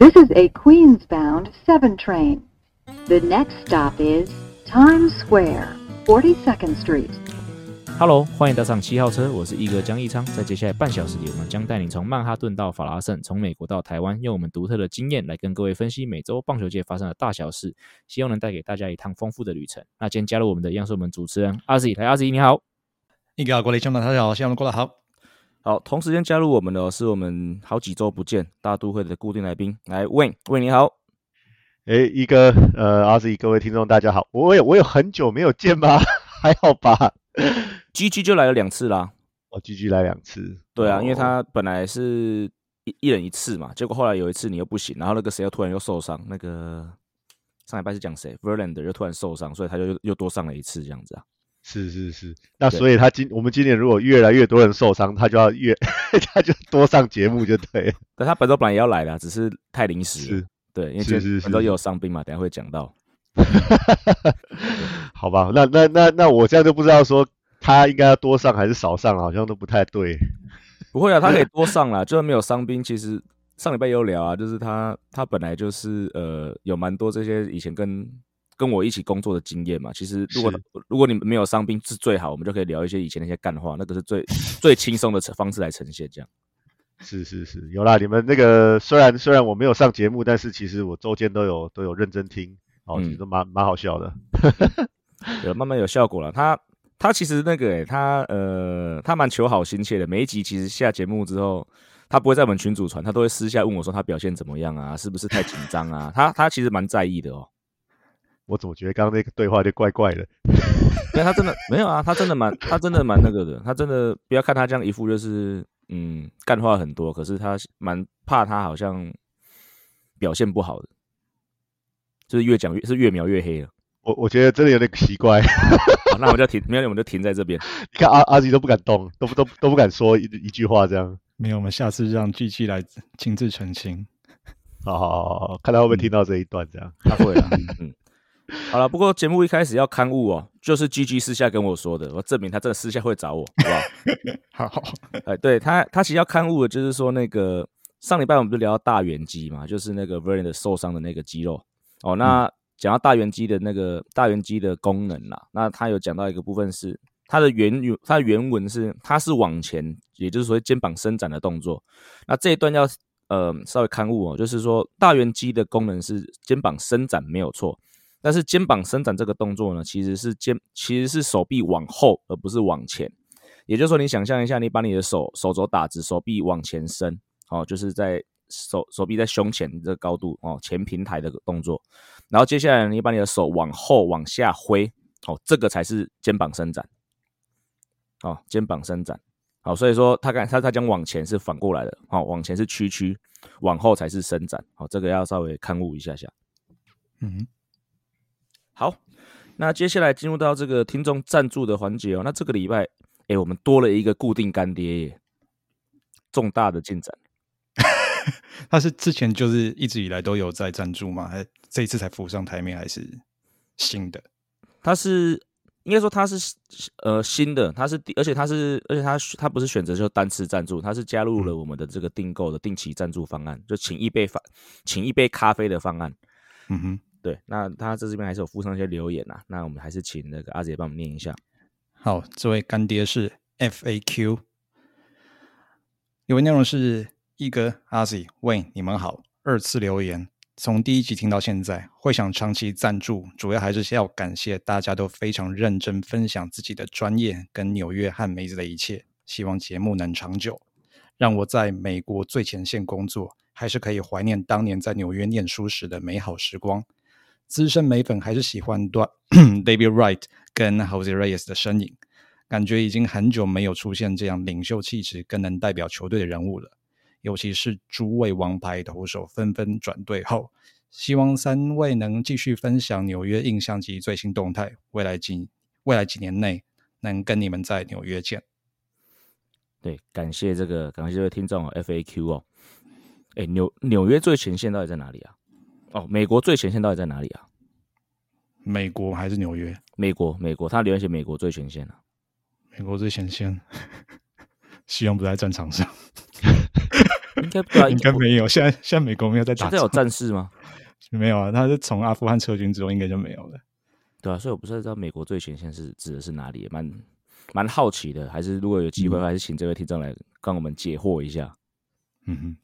This is a Queens bound seven train. The next stop is Times Square, Forty Second Street. Hello, 歡迎搭上七號車，我是奕哥江奕昌，在接下來半小時裡，我們將帶領從曼哈頓到法拉盛，從美國到台灣，用我們獨特的經驗來跟各位分析美洲棒球界發生的大小事，希望能帶給大家一趟豐富的旅程。那今天加入我們的央視我們主持人阿 z，嗨，阿 z 你好，你給阿過來江的大家好，希望我們過得好。好，同時間加入我們的是我們好幾周不見大都會的固定來賓，來 Wayne，Wayne 你好，哎、欸，奕哥，呃，Ozzy，各位聽眾大家好，我有我有很久沒有見嗎， 還好吧，GG 就來了兩次啦，哦、oh, GG 來兩次，對啊，oh. 因為他本來是一一人一次嘛，結果後來有一次你又不行，然後那個誰又突然又受傷，那個上禮拜是講誰，Verlander 又突然受傷，所以他就又多上了一次這樣子啊。是是是，那所以他今對我們今年如果越來越多人受傷，他就要越 他就多上節目就對。但他本周本來也要來的，只是太臨時，是對，因為其實很多有傷兵嘛，是是是，等下會講到。 對 好吧，那那那那我現在就不知道說他應該要多上還是少上，好像都不太對。不會啊，他可以多上啦， 就算沒有傷兵，其實上禮拜有聊啊，就是他他本來就是呃有蠻多這些以前跟跟我一起工作的經驗嘛，其實如果是如果你們沒有傷病是最好，我們就可以聊一些以前那些幹話，那個是最 最輕鬆的方式來呈現。這樣。是是是，有啦，你們那個雖然雖然我沒有上節目，但是其實我週間都有都有認真聽，哦、喔，嗯、其實都蠻蠻好笑的。 有，慢慢有效果了。他他其實那個誒、欸，他呃他蠻求好心切的。每一集其實下節目之後，他不會在我們群組傳，他都會私下問我說他表現怎麼樣啊，是不是太緊張啊？ 他他其實蠻在意的哦。我怎麼覺得剛剛那個對話就怪怪的？因為他真的沒有啊，他真的蠻他真的蠻那個的，他真的不要看他這樣一副就是嗯，幹話很多，可是他蠻怕他好像表現不好的，就是越講越是越描越黑了。我我覺得真的有點奇怪。好，那我們就停，沒有 我們就停在這邊。你看阿阿吉都不敢動，都不都都不敢說一一句話這樣。沒有，我們下次讓季季來親自澄清。好，好好好，看他會不會聽到這一段這樣？嗯、他會的，嗯。 好了，不過節目一開始要勘誤哦，就是 G G 私下跟我說的，我證明他這個私下會找我，好不好？ 好，好，哎、欸，對他，他其實要勘誤的就是說，那個上禮拜我們不是聊到大圓肌嘛，就是那個 Vernon 受傷的那個肌肉哦。那講、嗯、到大圓肌的那個大圓肌的功能啦，那他有講到一個部分是它的原語，它的原文是它是往前，也就是說肩膀伸展的動作。那這一段要呃稍微勘誤哦，就是說大圓肌的功能是肩膀伸展沒有錯。但是肩膀伸展這個動作呢，其實是肩，其實是手臂往後，而不是往前。也就是說，你想象一下，你把你的手手肘打直，手臂往前伸，哦，就是在手手臂在胸前這個高度哦，前平台的動作。然後接下來你把你的手往後往下揮，哦，這個才是肩膀伸展，哦，肩膀伸展，好，哦，所以說他敢他他講往前是反過來的，哦，往前是屈曲，曲，往後才是伸展，哦。這個要稍微勘誤一下下，嗯哼。好，那接下來進入到這個聽眾贊助的環節哦。那這個禮拜，哎、欸，我們多了一個固定乾爹耶，重大的進展。 他是之前就是一直以來都有在贊助嗎？還這一次才浮上檯面？還是新的？他是應該說他是呃新的，他是而且他是而且他他不是選擇就單次贊助，他是加入了我們的這個訂購的定期贊助方案，嗯、就請一杯法，請一杯咖啡的方案。嗯哼。對，那他在這邊還是有附上一些留言啊。那我們還是請那個阿杰幫我們念一下。好，這位乾爹是 F A Q，留言內容是：奕哥阿杰，喂，你們好。二次留言，從第一集聽到現在，會想長期贊助，主要還是想要感謝大家都非常認真分享自己的專業跟紐約和梅子的一切。希望節目能長久，讓我在美國最前線工作，還是可以懷念當年在紐約念書時的美好時光。資深美粉還是喜歡段 David Wright 跟 Jose Reyes 的身影，感覺已經很久沒有出現這樣領袖氣質更能代表球隊的人物了。尤其是諸位王牌投手紛紛轉隊後，希望三位能繼續分享紐約印象及最新動態。未來幾未來幾年內，能跟你們在紐約見。對，感謝這個感謝這位聽眾哦，FAQ 哦，誒，紐紐約最前線到底在哪裡啊？哦，美國最前線到底在哪裡啊？美國還是紐約？美國，美國，他留言寫美國最前線啊。美國最前線，呵呵希望不在戰場上。 應該不知道應該沒有？我現在現在美國沒有在打，現在有戰事嗎？沒有啊，他是從阿富汗撤軍之後，應該就沒有了。對啊，所以我不知道美國最前線是指的是哪裡，蠻蠻好奇的。還是如果有機會，嗯、還是請這位聽眾來跟我們解惑一下。嗯哼。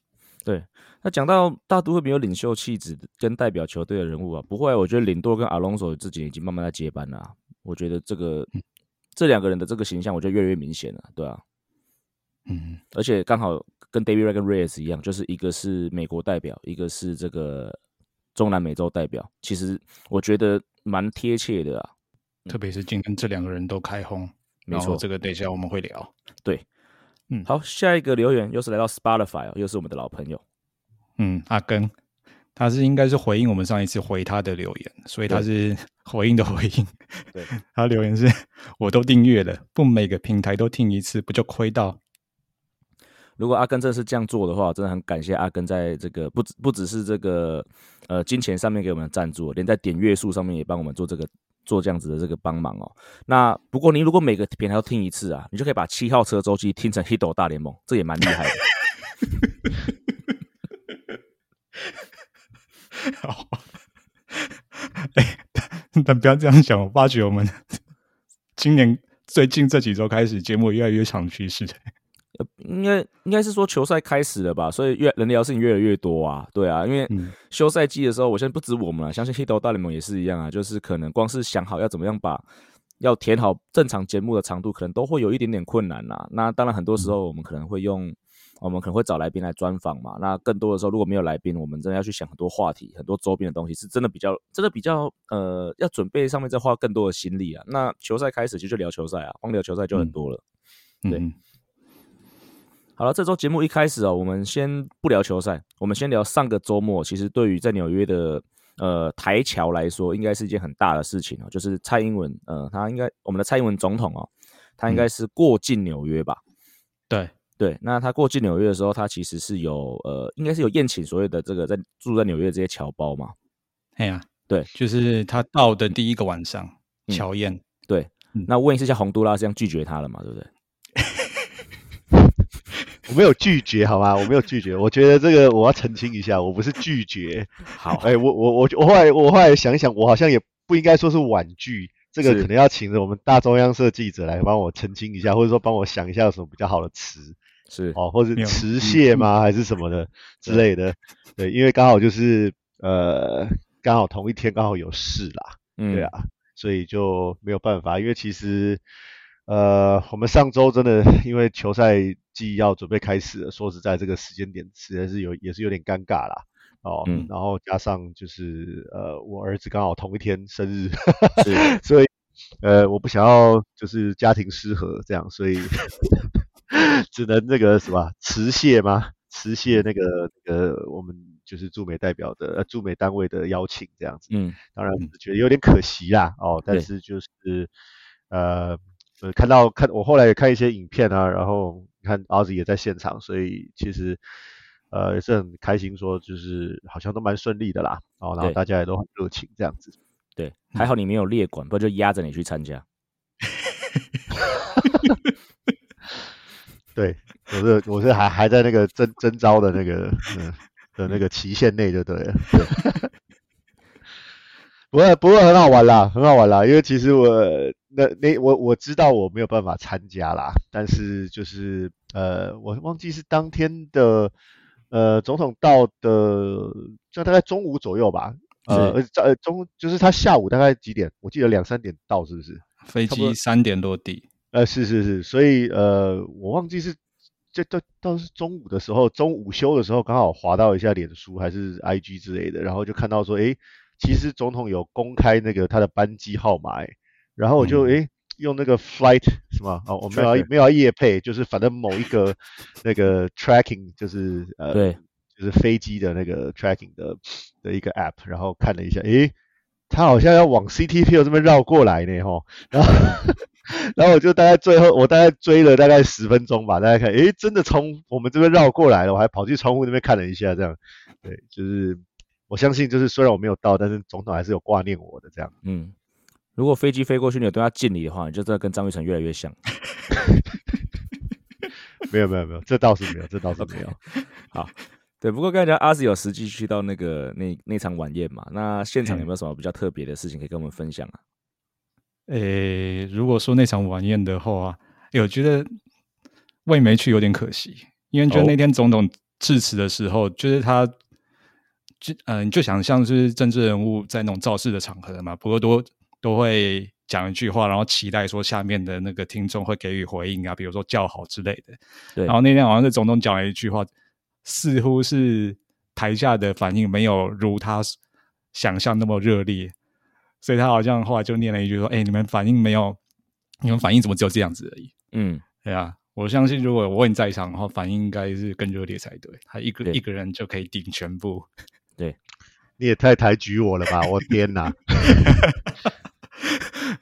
對，那講到大都會沒有領袖氣質跟代表球隊的人物啊，不會，我覺得林多跟阿隆索自己已經慢慢在接班了，啊。我覺得這個、嗯、這兩個人的這個形象，我覺得越來越明顯了，對啊。嗯，而且剛好跟 David 跟 Reyes，yes，一樣，就是一個是美國代表，一個是這個中南美洲代表，其實我覺得蠻貼切的啊。特別是今天這兩個人都開轟，沒錯，嗯，這個等一下我們會聊。對。嗯，好，下一個留言又是來到 Spotify 哦，又是我們的老朋友。嗯，阿根，他是應該是回應我們上一次回他的留言，所以他是回應的回應。對， 他留言是：我都訂閱了，不每個平台都聽一次，不就虧到？如果阿根真的是這樣做的話，真的很感謝阿根在這個不不只是這個呃金錢上面給我們贊助，連在點閱數上面也幫我們做這個。做這樣子的這個幫忙哦，那不過你如果每個平台都聽一次啊，你就可以把七號車週期聽成 Hito 大聯盟，這也蠻厲害的。哎 欸，但不要這樣想，我發覺我們今年最近這幾週開始節目越來越長趨勢的。應該應該是說球賽開始了吧，所以越人聊的事情越來越多啊，對啊，因為休賽季的時候，我現在不止我們了、啊，相信《黑頭大聯盟》也是一樣啊，就是可能光是想好要怎麼樣把要填好正常節目的長度，可能都會有一點點困難啦、啊。那當然，很多時候我們可能會用，嗯、我們可能會找來賓來專訪嘛。那更多的時候，如果沒有來賓，我們真的要去想很多話題，很多周邊的東西，是真的比較真的比較呃，要準備上面再花更多的心力啊。那球賽開始就去聊球賽啊，光聊球賽就很多了，嗯嗯、對。好了，這週節目一開始哦，我們先不聊球賽，我們先聊上個周末。其實對於在紐約的呃台僑來說，應該是一件很大的事情哦，就是蔡英文，呃，他應該我們的蔡英文總統哦，他應該是過境紐約吧？嗯、對對，那他過境紐約的時候，他其實是有呃，應該是有宴請所有的這個在住在紐約的這些僑胞嘛？對呀、啊，對，就是他到的第一個晚上僑宴，嗯、豔對，那問一下，洪都拉斯這樣拒絕他了嘛？對不對？我沒有拒絕，好嗎？我沒有拒絕。我覺得這個我要澄清一下，我不是拒絕。好，哎、欸，我我我我後來我後來想一想，我好像也不應該說是婉拒。這個可能要請我們大中央社記者來幫我澄清一下，或者說幫我想一下有什麼比較好的詞，是哦，或者辭謝嗎？嗯、還是什麼的是之類的？對，因為剛好就是呃，剛好同一天剛好有事啦。嗯，對啊，所以就沒有辦法。因為其實呃，我們上周真的因為球賽。要準備開始了，說實在，這個時間點實在是有也是有點尷尬啦，哦，嗯、然後加上就是呃，我兒子剛好同一天生日，嗯、 對，所以呃，我不想要就是家庭失和這樣，所以 只能那個什麼辭謝嗎？辭謝那個那個我們就是駐美代表的呃、駐美單位的邀請這樣子，嗯，當然是覺得有點可惜啦，哦，但是就是對呃，呃，看到看我後來也看一些影片啊，然後。你看兒子也在現場，所以其實呃也是很開心說，說就是好像都蠻順利的啦，哦。然後大家也都很熱情，這樣子。對，還好你沒有列管，嗯、不然就壓着你去參加。 對，我是我是還還在那個徵徵召的那個嗯的那個期限內，就對了。對 不會，不會很好玩啦，很好玩啦。因為其實我那那我我知道我沒有辦法參加啦，但是就是呃，我忘記是當天的呃總統到的，就大概中午左右吧。呃，是呃，在中就是他下午大概幾點？我記得兩三點到，是不是？飛機三點落地。呃，是是是，所以呃，我忘記是這到到是中午的時候，中午休的時候剛好滑到一下臉書還是 IG 之類的，然後就看到說，誒，其實總統有公開那個他的班機號碼誒，然後我就、嗯、誒用那個 flight 什麼哦，我沒有要沒有要業對配，就是反正某一個那個 tracking 就是呃對，就是飛機的那個 tracking 的的一個 app，然後看了一下，誒他好像要往 CTP 這邊繞過來呢，吼，然後、嗯、然後我就大概最後我大概追了大概十分鐘吧，大家看，誒真的從我們這邊繞過來了，我還跑去窗戶那邊看了一下，這樣，對，就是。我相信，就是雖然我沒有到，但是總統還是有掛念我的這樣。嗯，如果飛機飛過去，你有對他敬禮的話，你就知道跟張雨成越來越像。 沒有，沒有，沒有，這倒是沒有，這倒是沒有。Okay. 好，對，不過剛才阿 s 有實際去到那個那那場晚宴嘛？那現場有沒有什麼比較特別的事情可以跟我們分享啊？嗯、誒，如果說那場晚宴的話，我覺得我沒去有點可惜，因為就那天總統致辭的時候，oh. 就是他。就嗯，呃、你就想像是政治人物在那種造勢的場合嘛，不過都都會講一句話，然後期待說下面的那個聽眾會給予回應啊，比如說叫好之類的。對然後那天好像是總統講了一句話，似乎是台下的反應沒有如他想象那麼熱烈，所以他好像後來就念了一句說：“哎，你們反應沒有，你們反應怎麼只有這樣子而已？”嗯，對啊，我相信如果我問在場的話，反應應該是更熱烈才對。他一個對一個人就可以頂全部。對，你也太抬舉我了吧！ 我天哪，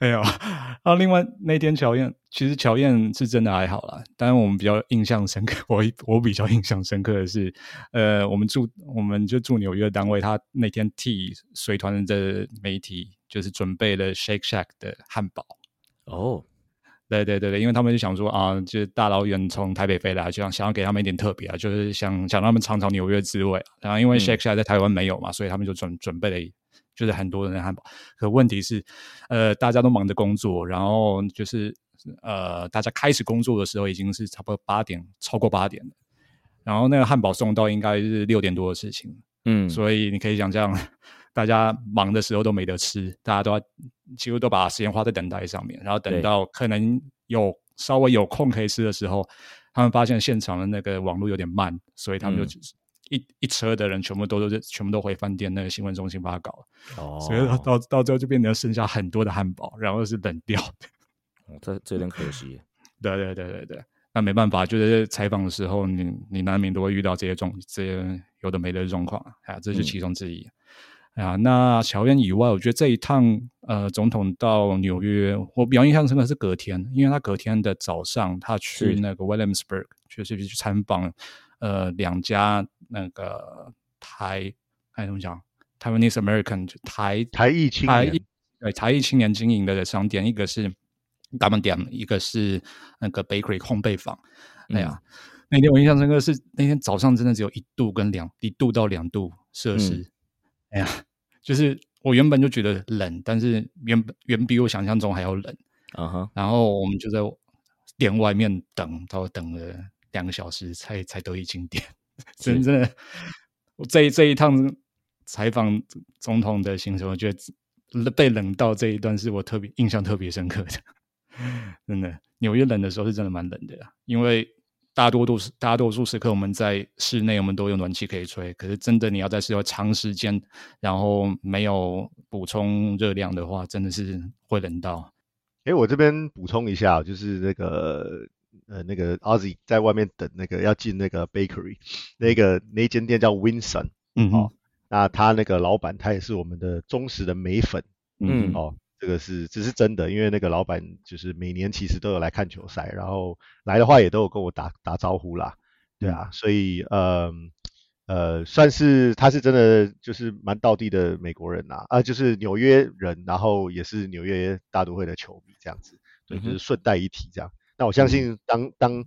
沒有。然後另外那天僑宴，其實僑宴是真的還好啦。當然我們比較印象深刻，我我比較印象深刻的是，呃，我們住我們就住紐約單位，他那天替隨團的媒體就是準備了 Shake Shack 的漢堡哦。Oh. 對對對對，因為他們就想說啊，就是大老遠從台北飛來，就想想要給他們一點特別啊，就是想想讓他們嘗嘗紐約滋味。然後因為 Shake Shack 在台灣沒有嘛，所以他們就準準備了，就是很多的漢堡。可問題是，呃，大家都忙着工作，然後就是呃，大家開始工作的時候已經是差不多八點，超過八點了。然後那個漢堡送到應該是六點多的事情，嗯，所以你可以想這樣。大家忙的時候都沒得吃，大家都要幾乎都把時間花在等待上面，然後等到可能有對稍微有空可以吃的時候，他們發現現場的那個網絡有點慢，所以他們就一、嗯、一車的人全部都都全部都回飯店那個新聞中心發稿，哦、所以到到，到最後就變成剩下很多的漢堡，然後是冷掉的，哦、這這有點可惜， 對，對對對對對，那沒辦法，就是採訪的時候，你你難免都會遇到這些狀這些有的沒的狀況，啊，這是其中之一。嗯哎呀，那僑宴以外，我覺得這一趟，呃，總統到紐約，我比較印象深刻是隔天，因為他隔天的早上，他去那個 Williamsburg 去是不是去參訪，呃，兩家那個台，哎，怎麼講，Taiwanese American 台台裔青年台台，對，台裔青年經營的商店，嗯、一個是 w a l m a r 一個是那個 bakery 烘焙坊，那、哎、樣，嗯、那天我印象深刻是那天早上真的只有一度跟兩一度到兩度攝氏。嗯哎呀，就是我原本就覺得冷，但是原本遠比我想象中還要冷啊！Uh huh. 然後我們就在店外面等，到等了兩個小時才才得以進店。是真的，我這這一趟採訪總統的行程，我覺得被冷到這一段是我特別印象特別深刻的。真的，紐約冷的時候是真的蠻冷的，因為。大多都大多數時刻我們在室內，我們都有暖氣可以吹。可是真的你要在室外長時間，然後沒有補充熱量的話，真的是會冷到。哎、欸，我這邊補充一下，就是那個呃那個 Ozzy 在外面等那個要進那個 bakery，那個那間店叫 Winson。嗯哼、哦嗯。那他那個老板他也是我們的忠實的美粉。嗯哼。嗯哦。這個是，這是真的，因為那個老闆就是每年其實都有來看球賽，然後來的話也都有跟我打打招呼啦，對啊，嗯、所以呃呃算是他是真的就是蠻道地的美國人吶，啊就是紐約人，然後也是紐約大都會的球迷這樣子，所以就是順帶一提這樣。那我相信當、嗯、當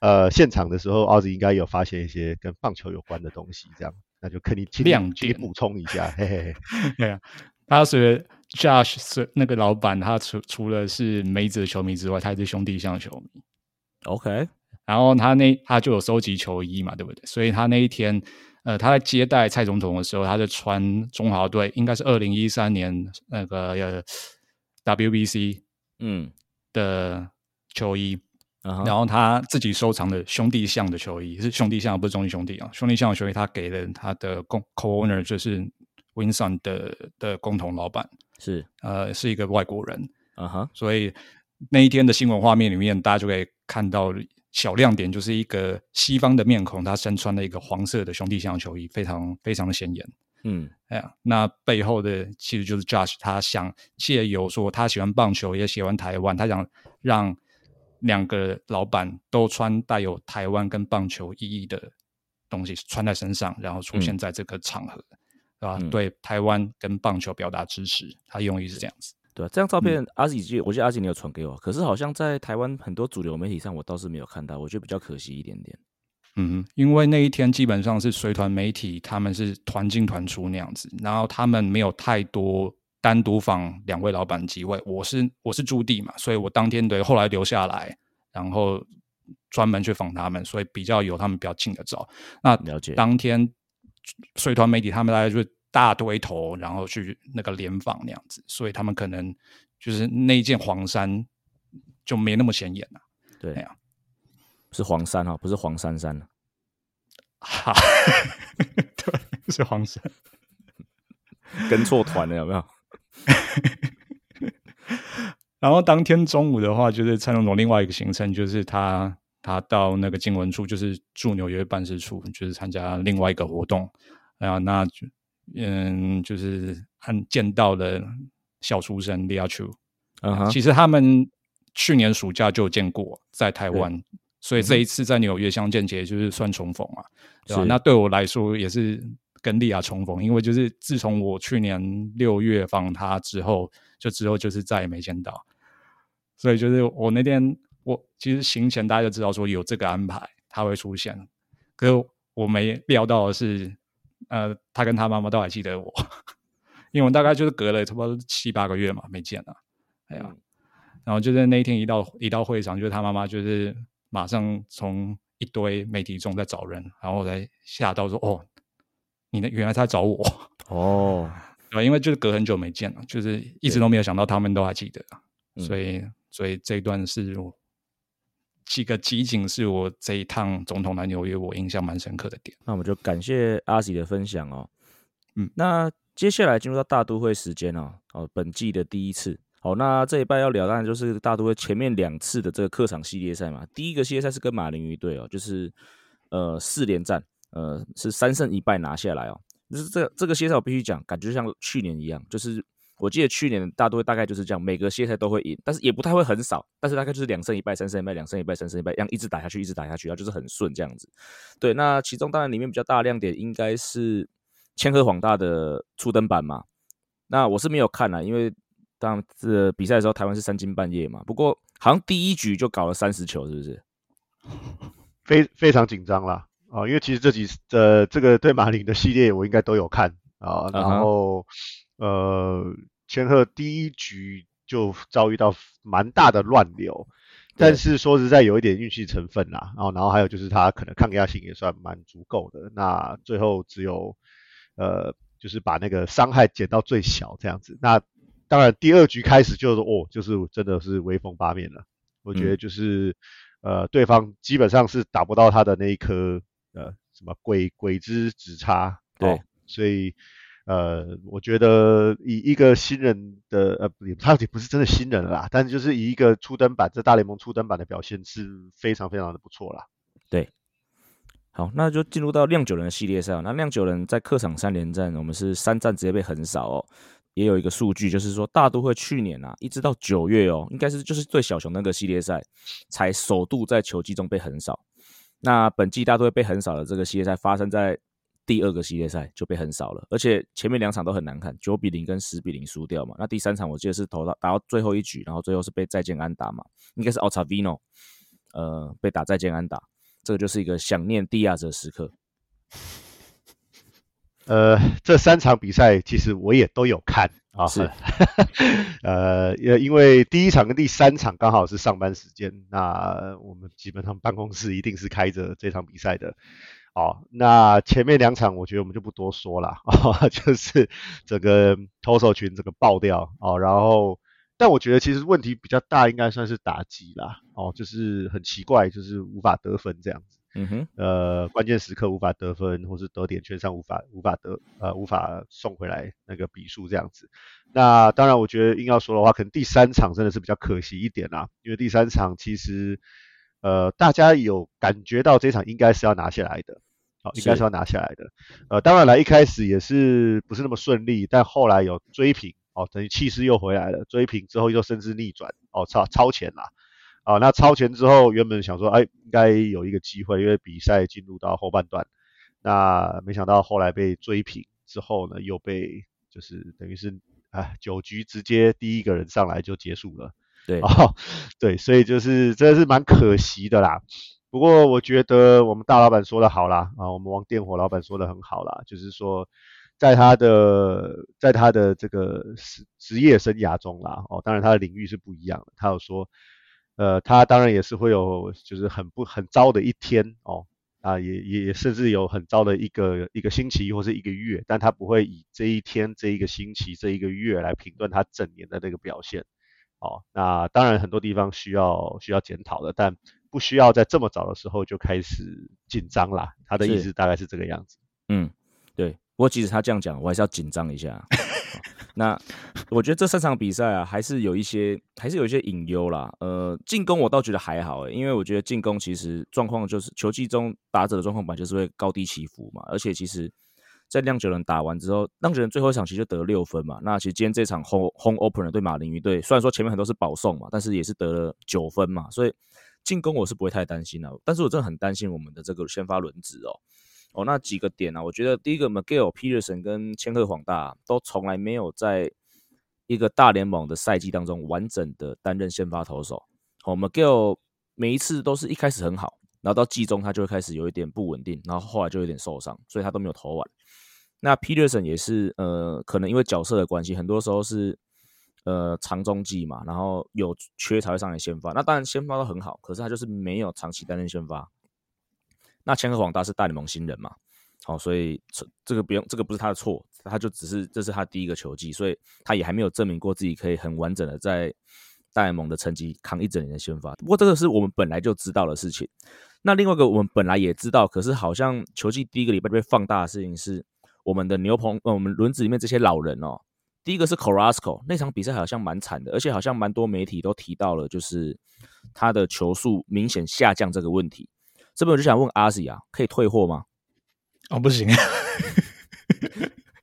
呃現場的時候，奧子應該有發現一些跟棒球有關的東西這樣，那就肯定點請你，去你補充一下，嘿點嘿嘿， 啊、他是。Josh 是那個老闆，他除除了是梅子的球迷之外，他也是兄弟象的球迷。OK，然後他那他就有收集球衣嘛，對不對？所以他那一天，呃，他在接待蔡總統的時候，他就穿中華隊，應該是二零一三年那個、呃、WBC 嗯的球衣，嗯 uh huh. 然後他自己收藏的兄弟象的球衣是兄弟象，不是中信兄弟啊。兄弟象的球衣他給了他的共 co-owner 就是 Winson 的的共同老闆。是，呃，是一個外國人，啊哈、uh，huh. 所以那一天的新聞畫面裡面，大家就可以看到小亮點，就是一個西方的面孔，他身穿了一個黃色的兄弟象球衣，非常非常的顯眼，嗯，哎呀、嗯，那背後的其實就是 Josh，他想借由說他喜歡棒球，也喜歡台灣，他想讓兩個老板都穿帶有台灣跟棒球意義的東西穿在身上，然後出現在這個場合。嗯對、啊嗯、對台灣跟棒球表達支持，他用意是這樣子。對、對、啊、這張照片、嗯、阿吉，我記得阿吉你有傳給我，可是好像在台灣很多主流媒體上，我倒是沒有看到，我覺得比較可惜一點點。嗯，因為那一天基本上是隨團媒體，他們是團進團出那樣子，然後他們沒有太多單獨訪兩位老闆的機會。我是我是駐地嘛，所以我當天對後來留下來，然後專門去訪他們，所以比較有他們比較近的照。那了解當天。隨團媒體，他們大家就是大堆頭，然後去那個聯訪那樣子，所以他們可能就是那件黃衫就沒那麼顯眼了。對呀，啊、是，是黃衫哈，不是黃珊珊。好，對，是黃衫，跟錯團了有沒有？ 然後當天中午的話，就是蔡總統另外一個行程，就是他。他到那個經文處，就是駐紐約辦事處，就是參加另外一個活動，啊，那就，嗯，就是，見到了小書生利亞秋，huh. 其實他們去年暑假就見過，在台灣，是所以這一次在紐約相見，也就是算重逢啊是，那對我來說也是跟利亞重逢，因為就是自從我去年六月訪他之後，就之後就是再也沒見到，所以就是我那天我其實行前大家都知道說有這個安排，他會出現。可是我沒料到的是，呃，他跟他媽媽都還記得我，因為我大概就是隔了差不多七八個月嘛，沒見了。哎呀、啊，嗯、然後就是那一天一到一到會場，就是他媽媽就是馬上從一堆媒體中在找人，然後我才嚇到說：“哦，你的原來在找我哦。啊”因為就是隔很久沒見了，就是一直都沒有想到他們都還記得，對所以所以這一段是我。幾個集錦是我這一趟總統來紐約，我印象蠻深刻的點。那我們就感謝 Ozzy 的分享哦，嗯，那接下來進入到大都會時間哦，哦，本季的第一次，好，那這一拜要聊當然就是大都會前面兩次的這個客場系列賽嘛，第一個系列賽是跟馬林魚隊哦，就是呃四連戰，呃是三勝一敗拿下來哦，就是這這個系列賽我必須講，感覺像去年一樣，就是。我記得去年大都大概就是這樣，每個系列賽都會贏，但是也不太會很少，但是大概就是兩勝一敗、三勝一敗、兩勝一敗、三勝一敗，這樣一直打下去，一直打下去，然後就是很順這樣子。對，那其中當然裡面比較大的亮點應該是千賀滉大的初登板嘛。那我是沒有看啦，因為當這比賽的時候台灣是三更半夜嘛。不過好像第一局就搞了三十球，是不是？非非常緊張啦。啊、呃，因為其實這幾呃這個對馬林的系列我應該都有看啊、呃，然後、uh huh. 呃。千賀第一局就遭遇到蠻大的亂流，對但是說實在有一點運氣成分啦、啊、然，哦、後，然後還有就是他可能抗壓性也算蠻足夠的，那最後只有呃就是把那個傷害減到最小這樣子。那當然第二局開始就是哦，就是真的是威風八面了，我覺得就是、嗯、呃對方基本上是打不到他的那一顆呃什麼鬼鬼之指叉，對，哦、所以。呃，我覺得以一個新人的呃也，到底不是真的新人啦，但是就是以一個初登板，這大聯盟初登板的表現是非常非常的不錯啦。對，好，那就進入到釀酒人的系列賽啊。那釀酒人在客場三連戰，我們是三戰直接被橫掃哦。也有一個數據，就是說大都會去年啊，一直到九月哦，應該是就是對小熊那個系列賽，才首度在球季中被橫掃。那本季大都會被橫掃的這個系列賽，發生在。第二個系列賽就被橫掃了，而且前面兩場都很難看，九比零跟十比零輸掉嘛。那第三場我記得是投到打到最後一局，然後最後是被再見安打嘛，應該是 Ottavino，呃，被打再見安打，這個就是一個想念蒂亞澤時刻。呃，這三場比賽其實我也都有看啊，是， 呃，因為第一場跟第三場剛好是上班時間，那我們基本上辦公室一定是開着這場比賽的。哦，那前面兩場我覺得我們就不多說了啊、哦，就是整個投手群這個爆掉哦，然後但我覺得其實問題比較大，應該算是打擊啦哦，就是很奇怪，就是無法得分這樣子，嗯哼，呃，關鍵時刻無法得分，或是得點圈上無法無法得呃無法送回來那個比數這樣子。那當然我覺得硬要說的話，可能第三場真的是比較可惜一點啦、啊，因為第三場其實。呃，大家有感覺到這場應該是要拿下來的，好，哦，應該是要拿下來的。是呃，當然了，一開始也是不是那麼順利，但後來有追平，哦，等於氣勢又回來了。追平之後又甚至逆轉，哦，超超前了。啊，哦，那超前之後原本想說，哎，應該有一個機會，因為比賽進入到後半段，那沒想到後來被追平之後呢，又被就是等於是，哎，九局直接第一個人上來就結束了。對，哦，oh, 對，所以就是真是蠻可惜的啦。不過我覺得我們大老板說的好啦，啊，我們王電火老板說的很好啦，就是說在他的在他的這個職職業生涯中啦，哦，當然他的領域是不一樣的。他有說，呃，他當然也是會有就是很不很糟的一天哦，啊，也也甚至有很糟的一個一個星期或是一個月，但他不會以這一天這一個星期這一個月來評斷他整年的那個表現。哦，那當然很多地方需要需要檢討的，但不需要在這麼早的時候就開始緊張啦。他的意思大概是這個樣子。嗯，對。不過即使他這樣講，我還是要緊張一下。 那我覺得這三場比賽啊，還是有一些還是有一些隱憂啦。呃，進攻我倒覺得還好、欸，因為我覺得進攻其實狀況就是球季中打者的狀況本來就是會高低起伏嘛，而且其實。在釀酒人打完之後，釀酒人最後一場其實就得了六分嘛。那其實今天這場 home home opener 對馬林魚隊，雖然說前面很多是保送嘛，但是也是得了九分嘛。所以進攻我是不會太擔心的，但是我真的很擔心我們的這個先發輪值哦。哦，那幾個點啊，我覺得第一個 McGill Peterson 跟千賀滉大，啊、都從來沒有在一個大聯盟的賽季當中完整的擔任先發投手。哦 McGill 每一次都是一開始很好。然後到季中他就會開始有一點不穩定，然後後來就有點受傷，所以他都沒有投完。那 Peterson 也是，呃，可能因為角色的關係，很多時候是呃長中繼嘛，然後有缺才會上來先發。那當然先發都很好，可是他就是沒有長期擔任先發。那千賀滉大是大聯盟新人嘛，好、哦，所以這個不用，這個不是他的錯，他就只是這是他的第一個球季，所以他也還沒有證明過自己可以很完整的在。戴蒙的成績扛一整年的先發，不過這個是我們本來就知道的事情。那另外一個我們本來也知道，可是好像球季第一個禮拜被放大的事情是我們的牛棚，呃，我們輪子裡面這些老人哦。第一個是 Corasco 那場比賽好像蠻慘的，而且好像蠻多媒體都提到了，就是他的球速明顯下降這個問題。這邊我就想問阿西啊，可以退貨嗎？哦，不行啊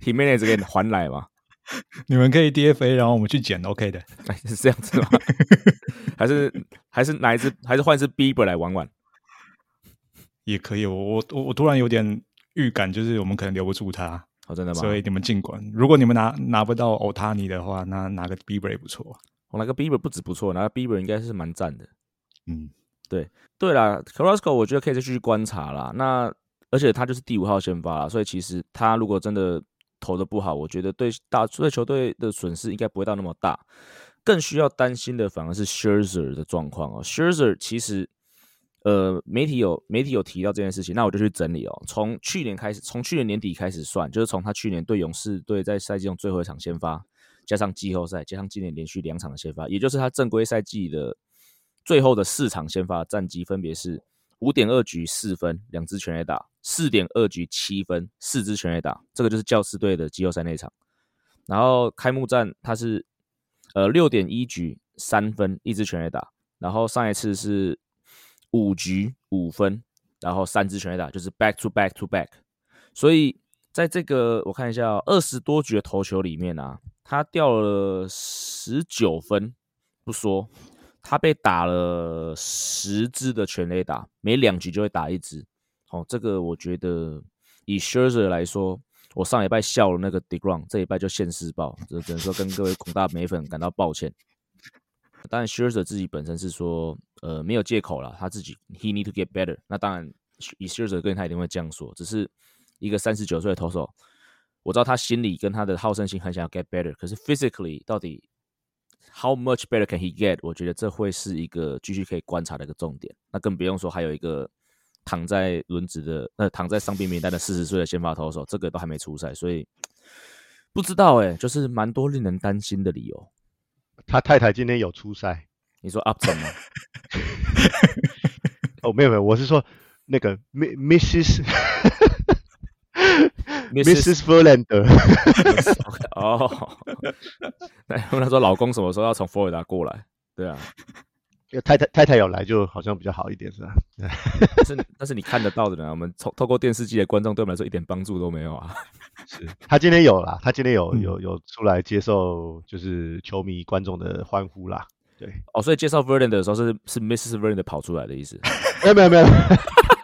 ，He manages 給還來嘛。你們可以 DFA，然後我們去撿，OK 的，是這樣子嗎？ 還是還是哪一支，還是換一支 Bieber 來玩玩？也可以。我我我突然有點預感，就是我們可能留不住他，哦、真的嗎？所以你們儘管，如果你們拿拿不到 Otani 的話，那拿個 Bieber 也不錯。我拿、哦、個 Bieber 不止不錯，拿個 Bieber 應該是蠻讚的。嗯，對對啦 Carrasco 我覺得可以再繼續觀察啦。那而且他就是第五號先發啦，所以其實他如果真的投的不好，我覺得對大對球隊的損失應該不會到那麼大，更需要擔心的反而是 Scherzer 的狀況哦。Scherzer 其實，呃，媒體有媒體有提到這件事情，那我就去整理哦。從去年開始，從去年年底開始算，就是從他去年對勇士隊在賽季中最後一場先發，加上季後賽，加上今年連續兩場的先發，也就是他正規賽季的最後的四場先發戰績分別是。五點二局四分，兩支全壘打；四點二局七分，四支全壘打。這個就是教士隊的季後賽那場。然後開幕戰他是呃六點一局三分，一支全壘打。然後上一次是五局五分，然後三支全壘打，就是 back to back to back。所以在這個我看一下二、哦、十多局的投球裡面啊，他掉了十九分，不說。他被打了十支的全壘打，每兩局就會打一支。哦，這個我覺得以 Scherzer 來說，我上一拜笑了那個 deGrom，這一拜就現世報，就只能說跟各位廣大美粉感到抱歉。當然 Scherzer 自己本身是說，呃，沒有借口了，他自己 he need to get better。那當然，以 Scherzer 個人他一定會這樣說。只是一個三十九歲的投手，我知道他心裡跟他的好勝心很想要 get better，可是 physically 到底。How much better can he get？我覺得這會是一個繼續可以觀察的一個重點。那更不用說，還有一個躺在輪椅的、呃躺在傷病名單的四十歲的先發投手，這個都還沒出賽，所以不知道哎、欸，就是蠻多令人擔心的理由。他太太今天有出賽。你說 Upton 嗎？ 哦，沒有沒有，我是說那個、M、Mrs。 Mrs. Verlander，哦，那他說，老公什麼時候要從佛爾達過來？對啊，太太太太有來，就好像比較好一點是吧？ 但是但是你看得到的呢？我們透透過電視機的觀眾，對我們來說一點幫助都沒有啊。是他今天有啦，他今天有有、嗯、有出來接受，就是球迷觀眾的歡呼啦。對哦，所以介紹 Verlander 的時候是是 Mrs. Verlander 跑出來的意思？沒有沒有沒有。沒有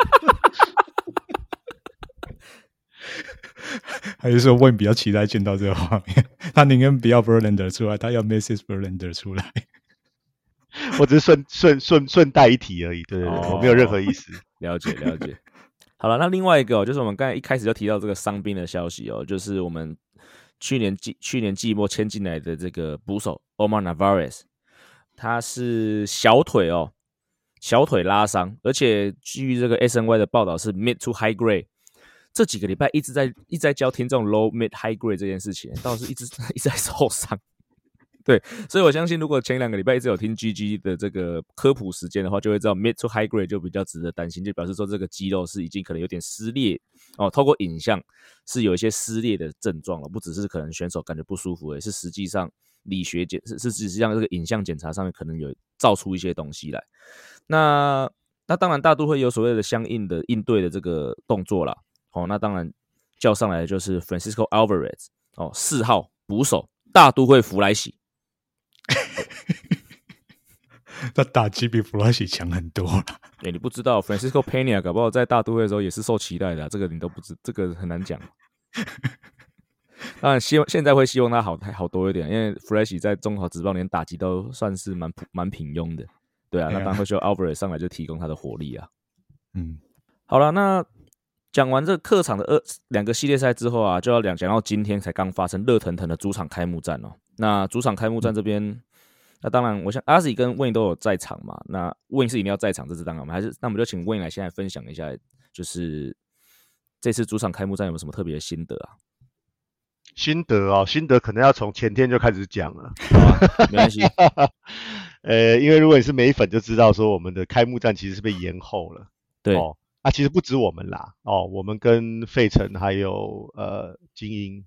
還是說問比較期待見到這個畫面， 他寧願不要 Verlander 出來，他要 Mrs. Verlander 出來。 我只是順順順順帶一提而已，對對，對對，我沒有任何意思。了解、哦哦、了解。了解 好了，那另外一個、喔、就是我們剛才一開始就提到這個傷兵的消息哦、喔，就是我們去年季去年季末簽進來的這個捕手 Omar Narváez 他是小腿哦、喔，小腿拉傷，而且據這個 SNY 的報道是 mid to high grade。這幾個禮拜一直在一直在教聽眾 low, mid, high grade 這件事情，倒是一直一直在受傷。對，所以我相信，如果前兩個禮拜一直有聽 GG 的這個科普時間的話，就會知道 mid to high grade 就比較值得擔心，就表示說這個肌肉是已經可能有點撕裂哦。透過影像是有一些撕裂的症狀了，不只是可能選手感覺不舒服、欸，而是實際上理學檢是是實際上這個影像檢查上面可能有照出一些東西來。那那當然大都會有所謂的相應的應對的這個動作啦。哦，那當然叫上來的就是 Francisco Alvarez 哦，四號捕手，大都會弗萊西，那 打擊比弗萊西強很多了。哎、欸，你不知道 Francisco Pena 搞不好在大都會的時候也是受期待的、啊，這個你都不知，這個很難講。 當然希望，希現在會希望他好太好多一點、啊，因為弗萊西在中華職棒連打擊都算是蠻蠻平庸的。對啊，嗯、那當然會需要 Alvarez 上來就提供他的火力啊。嗯，好了，那。講完這客場的二兩個系列賽之後啊，就要兩講到今天才剛發生熱騰騰的主場開幕戰哦。那主場開幕戰這邊，嗯、那當然，我想阿西跟魏都有在場嘛。那魏是一定要在場，這次當然，我們還是那我們就請魏來先來分享一下，就是這次主場開幕戰有沒有什麼特別的心得啊？心得哦，心得可能要從前天就開始講了，沒關係。 呃，因為如果你是美粉，就知道說我們的開幕戰其實是被延後了，對。哦那、啊、其實不止我們啦，哦，我們跟費城還有呃金鶯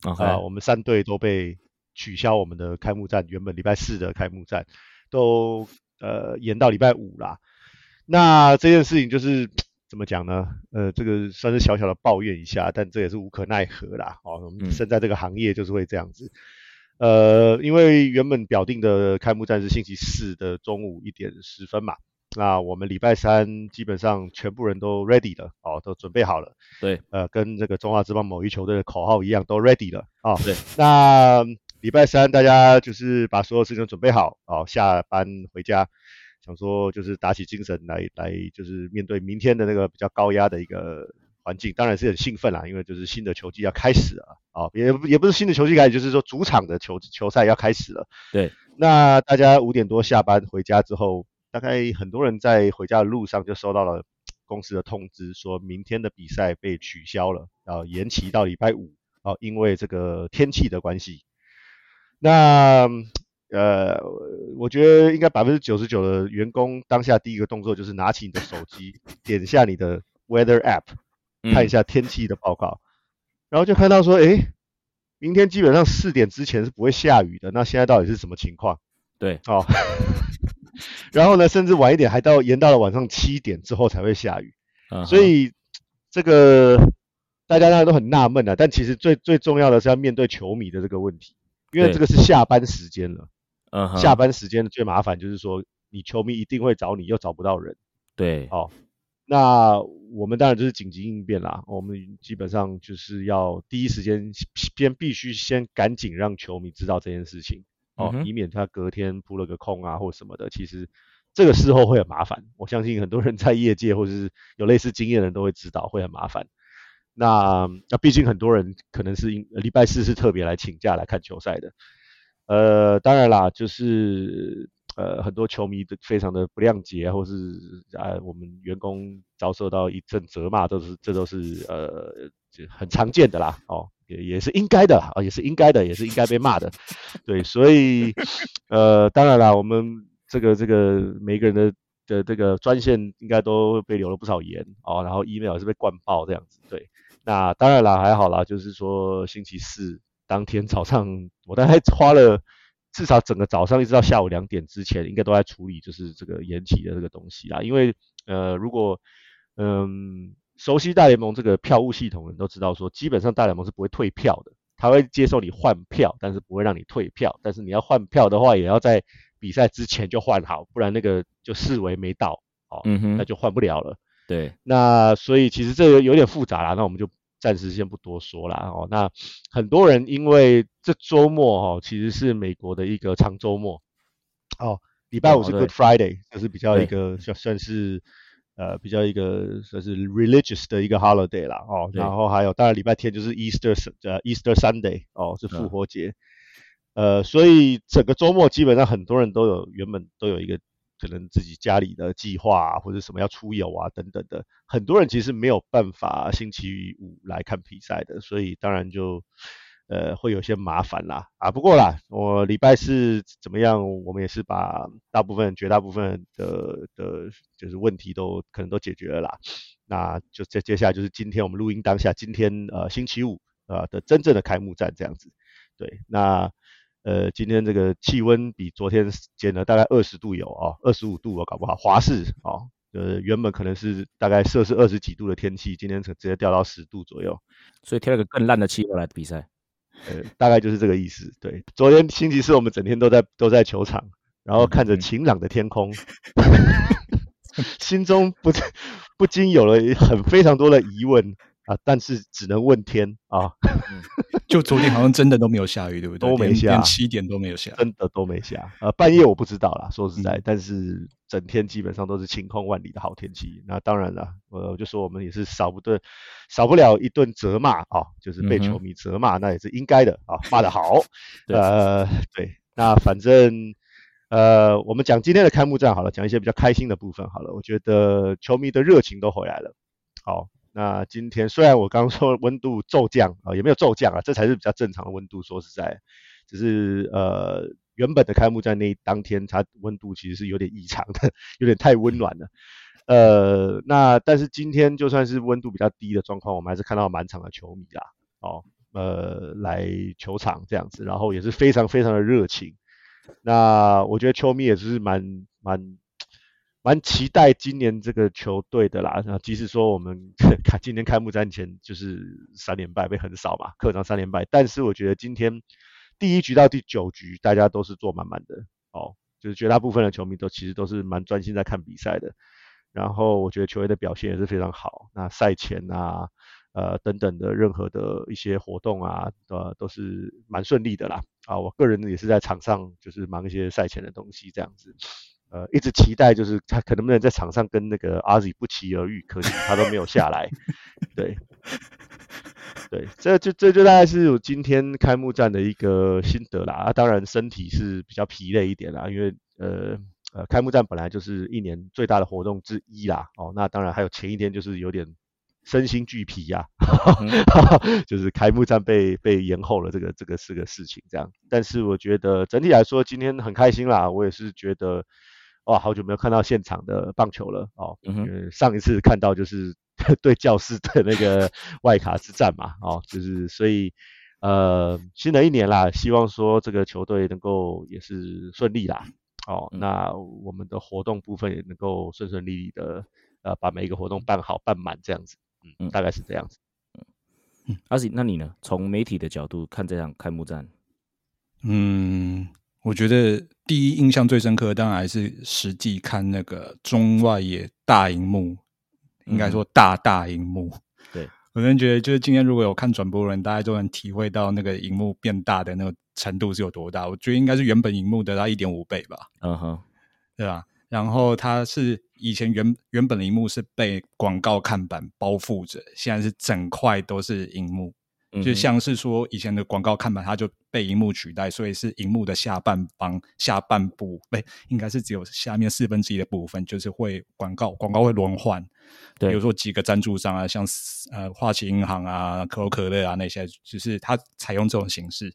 啊 Okay.、呃，我們三隊都被取消我們的開幕戰，原本禮拜四的開幕戰都呃延到禮拜五啦。那這件事情就是怎麼講呢？呃，這個算是小小的抱怨一下，但這也是無可奈何啦。哦，我們身在這個行業就是會這樣子，嗯、呃，因為原本表定的開幕戰是星期四的中午一點十分嘛。那我們禮拜三基本上全部人都 ready 了，哦，都準備好了。對，呃，跟這個中華職棒某一球隊的口號一樣，都 ready 了，哦，對。那禮拜三大家就是把所有事情都準備好，哦，下班回家，想說就是打起精神來，來就是面對明天的那個比較高壓的一個環境，當然是很興奮啦，因為就是新的球季要開始了啊，哦，也不也不是新的球季開始，就是說主場的球球賽要開始了。對，那大家五點多下班回家之後。大概很多人在回家的路上就收到了公司的通知，說明天的比賽被取消了，然後延期到禮拜五，哦，因為這個天氣的關係。那，呃，我覺得應該百分之九十九的員工當下第一個動作就是拿起你的手機，點下你的 weather app，看一下天氣的報告，嗯、然後就看到說，誒，明天基本上四點之前是不會下雨的，那現在到底是什麼情況？對，哦。 然後呢，甚至晚一點，還到延到了晚上七點之後才會下雨。Uh huh. 所以這個大家當然都很納悶了、啊。但其實最最重要的是要面對球迷的這個問題，因為這個是下班時間了。Uh huh. 下班時間最麻煩的就是說，你球迷一定會找你，又找不到人。對、uh，好、huh. 哦，那我們當然就是緊急應變啦。我們基本上就是要第一時間先必須先趕緊讓球迷知道這件事情。哦，以免他隔天撲了個空啊，或什麼的，其實這個事後會很麻煩。我相信很多人在業界或者是有類似經驗的人都會知道，會很麻煩。那那畢竟很多人可能是禮拜四是特別來請假來看球賽的，呃，當然啦，就是呃很多球迷都非常的不諒解，或是啊、呃、我們員工遭受到一陣責罵，都是這都是呃就很常見的啦，哦。也是應該的，哦，也是應該的，也是應該被罵的，對，所以，呃，當然啦，我們這個這個每個人的的這個專線應該都被留了不少言啊，哦，然後 email 也是被灌爆這樣子，對，那當然啦，還好啦，就是說星期四當天早上，我大概花了至少整個早上一直到下午兩點之前，應該都在處理就是這個延期的這個東西啊，因為呃，如果嗯。熟悉大聯盟這個票務系統的人都知道，說基本上大聯盟是不會退票的，他會接受你換票，但是不會讓你退票。但是你要換票的話，也要在比賽之前就換好，不然那個就視為沒到哦，嗯、哼那就換不了了。對，那所以其實這個有點複雜啦，那我們就暫時先不多說啦。哦。那很多人因為這周末哈、哦，其實是美國的一個長周末哦，禮拜五是 Good 對 Friday，就是比較一個對算算是。呃，比較一個算是 religious 的一個 holiday 啦，哦，對然後還有當然禮拜天就是、Easter, 啊、Easter Sunday 哦，是復活節，嗯、呃，所以整個周末基本上很多人都有原本都有一個可能自己家裡的計劃、啊、或者什麼要出遊啊等等的，很多人其實沒有辦法星期五來看比賽的，所以當然就。呃，會有些麻煩啦，啊，不過啦，我禮拜四怎麼樣，我們也是把大部分、絕大部分的的，就是問題都可能都解決了啦。那就接接下來就是今天我們錄音當下，今天呃星期五呃的真正的開幕戰這樣子。對，那呃今天這個氣溫比昨天減了大概二十度有哦，二十五度我、哦、搞不好華氏哦，呃、就是、原本可能是大概攝氏二十幾度的天氣，今天直直接掉到十度左右，所以挑了個更爛的氣候來比賽。呃，大概就是這個意思。對，昨天星期四我們整天都在都在球場，然後看着晴朗的天空，嗯、 心中不不禁有了很非常多的疑問啊！但是只能問天啊！就昨天好像真的都沒有下雨，對不對？都沒下，連連七點都沒有下，真的都沒下、呃。半夜我不知道啦，嗯、說實在，但是。整天基本上都是晴空萬里的好天氣，那當然了，呃、我就說我們也是少不頓，少不了一頓責罵啊、哦，就是被球迷責罵，那也是應該的啊、哦，罵得好，嗯、哼呃，對，那反正，呃，我們講今天的開幕戰好了，講一些比較開心的部分好了，我覺得球迷的熱情都回來了，好，那今天雖然我剛，剛說溫度驟降啊、呃，也沒有驟降啊，這才是比較正常的溫度，說實在，只、就是呃。原本的開幕戰那一當天，它溫度其實是有點異常的，有點太溫暖了。呃，那但是今天就算是溫度比較低的狀況，我們還是看到滿場的球迷啦、啊，哦，呃，來球場這樣子，然後也是非常非常的熱情。那我覺得球迷也是蠻蠻蠻、蠻期待今年這個球隊的啦。那即使說我們看今天開幕戰前就是三連敗被橫掃嘛，客場三連敗，但是我覺得今天。第一局到第九局，大家都是坐滿滿的哦，就是絕大部分的球迷都其實都是蠻專心在看比賽的。然後我覺得球員的表現也是非常好。那賽前啊，呃等等的任何的一些活動啊，呃都是蠻順利的啦。啊，我個人也是在場上就是忙一些賽前的東西，這樣子，呃，一直期待就是他可能不能在場上跟那個阿 Z 不期而遇，可是他都沒有下來。 對。對，這就這就大概是我今天開幕戰的一個心得啦。啊，當然身體是比較疲累一點啦，因為呃呃，開幕戰本來就是一年最大的活動之一啦。哦，那當然還有前一天就是有點身心俱疲呀，啊，嗯、 就是開幕戰被被延後了，這個這個是個事情這樣。但是我覺得整體來說今天很開心啦，我也是覺得哇，好久沒有看到現場的棒球了哦。嗯哼，上一次看到就是。 對教士的那個外卡之戰嘛，哦，就是所以，呃，新的一年啦，希望說這個球隊能夠也是順利啦，哦，那我們的活動部分也能夠順順利利的，呃，把每一個活動辦好辦滿這樣子，嗯，大概是這樣子，嗯嗯，阿、啊、那你呢？從媒體的角度看這場開幕戰，嗯，我覺得第一印象最深刻，當然還是實際看那個中外野大熒幕。應該說大大熒幕，嗯，對，我真覺得就是今天如果有看轉播的人，大家都能體會到那個熒幕變大的那個程度是有多大。我覺得應該是原本熒幕的大一點五倍吧，嗯哼，uh，huh. 對吧？然後它是以前原原本的熒幕是被廣告看板包覆着，現在是整塊都是熒幕。就像是說以前的廣告看板，它就被熒幕取代，所以是熒幕的下半方、下半部，不、欸、應該是只有下面四分之一的部分，就是會廣告，廣告會輪換。對比如說幾個贊助商啊，像呃，花旗銀行啊、可口可樂啊那些，就是它採用這種形式。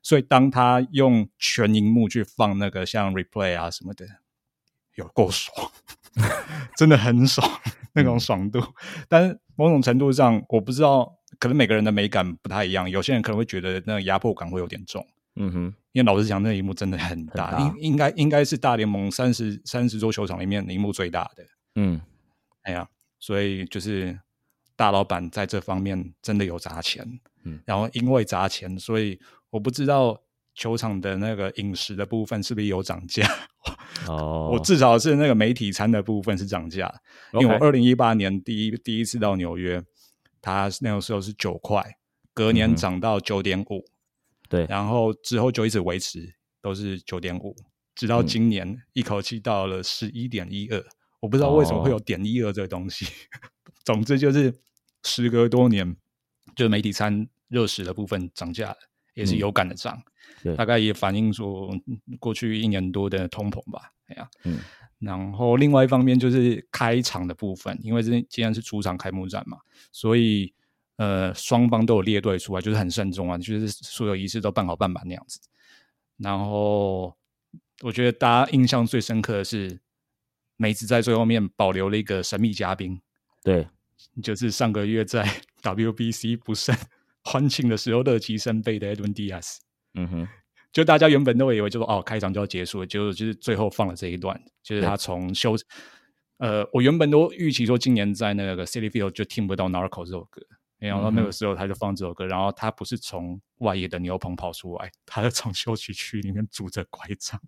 所以，當他用全熒幕去放那個像 Replay 啊什麼的，有夠爽， 真的很爽 那種爽度。嗯、但是某種程度上，我不知道。可能每個人的美感不太一樣，有些人可能會覺得那個壓迫感會有點重。嗯哼，因為老實講，那螢幕真的很大，很大應應該應該是大聯盟三十三十座球場裡面螢幕最大的。嗯，哎呀，所以就是大老闆在這方面真的有砸錢。嗯、然後因為砸錢，所以我不知道球場的那個飲食的部分是不是有漲價。哦、 我至少是那個媒體餐的部分是漲價。Okay 因為我二零一八年第一第一次到紐約。它那個時候是九塊，隔年漲到九點五，對，然後之後就一直維持都是九點五，直到今年一口氣到了十一點一二。我不知道為什麼會有點一二這個東西。哦、總之就是時隔多年，就媒體餐熱食的部分漲價了，也是有感的漲，嗯、大概也反映出過去一年多的通膨吧。然後，另外一方面就是開場的部分，因為這既然是主場開幕戰嘛，所以呃，雙方都有列隊出來，就是很慎重啊，就是所有儀式都辦好辦滿那樣子。然後，我覺得大家印象最深刻的是，梅子在最後面保留了一個神秘嘉賓，對，就是上個月在 WBC 不勝歡慶的時候樂極生悲的 Edwin Diaz，嗯哼。就大家原本都以為，就說哦，開場就要結束了，就就是最後放了這一段，就是他從休，嗯、呃，我原本都預期說今年在那個 Citi Field 就聽不到 Narco 這首歌，沒想、嗯、哼到那個時候他就放這首歌，然後他不是從外野的牛棚跑出來，他是從休息區裡面拄着拐杖